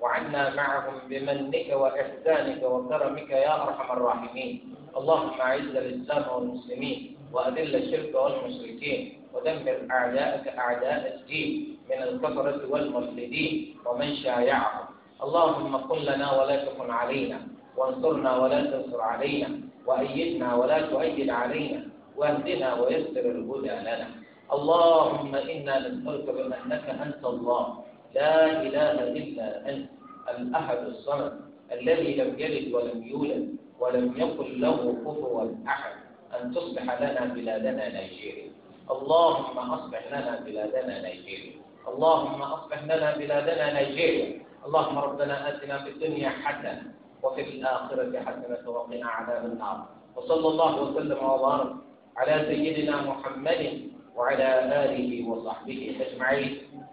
وعنا معهم بمنك وإحسانك وكرمك يا أرحم الراحمين اللهم أعز الإسلام والمسلمين وأذل الشرك والمشركين ودمر أعداءك أعداء الدين من الكفرة والملحدين ومن شايعهم اللهم قل لنا ولا تكن علينا وانصرنا ولا تنصر علينا وأيدنا ولا تؤيد علينا واهدنا ويسر الهدى لنا اللهم إنا نسألك بأنك أنت الله لا إله إلا أنت الأحد الصمد الذي لم يلد ولم يولد ولم يكن له كفوا أحد أن تصلح لنا بلادنا نيجيريا اللهم أصلح لنا بلادنا نيجيريا اللهم أصلح لنا بلادنا نيجيريا اللهم ربنا آتنا في الدنيا حسنة وفي الآخرة حسنة وقنا عذاب النار وصلى الله وسلم وبارك على سيدنا محمد وعلى آله وصحبه أجمعين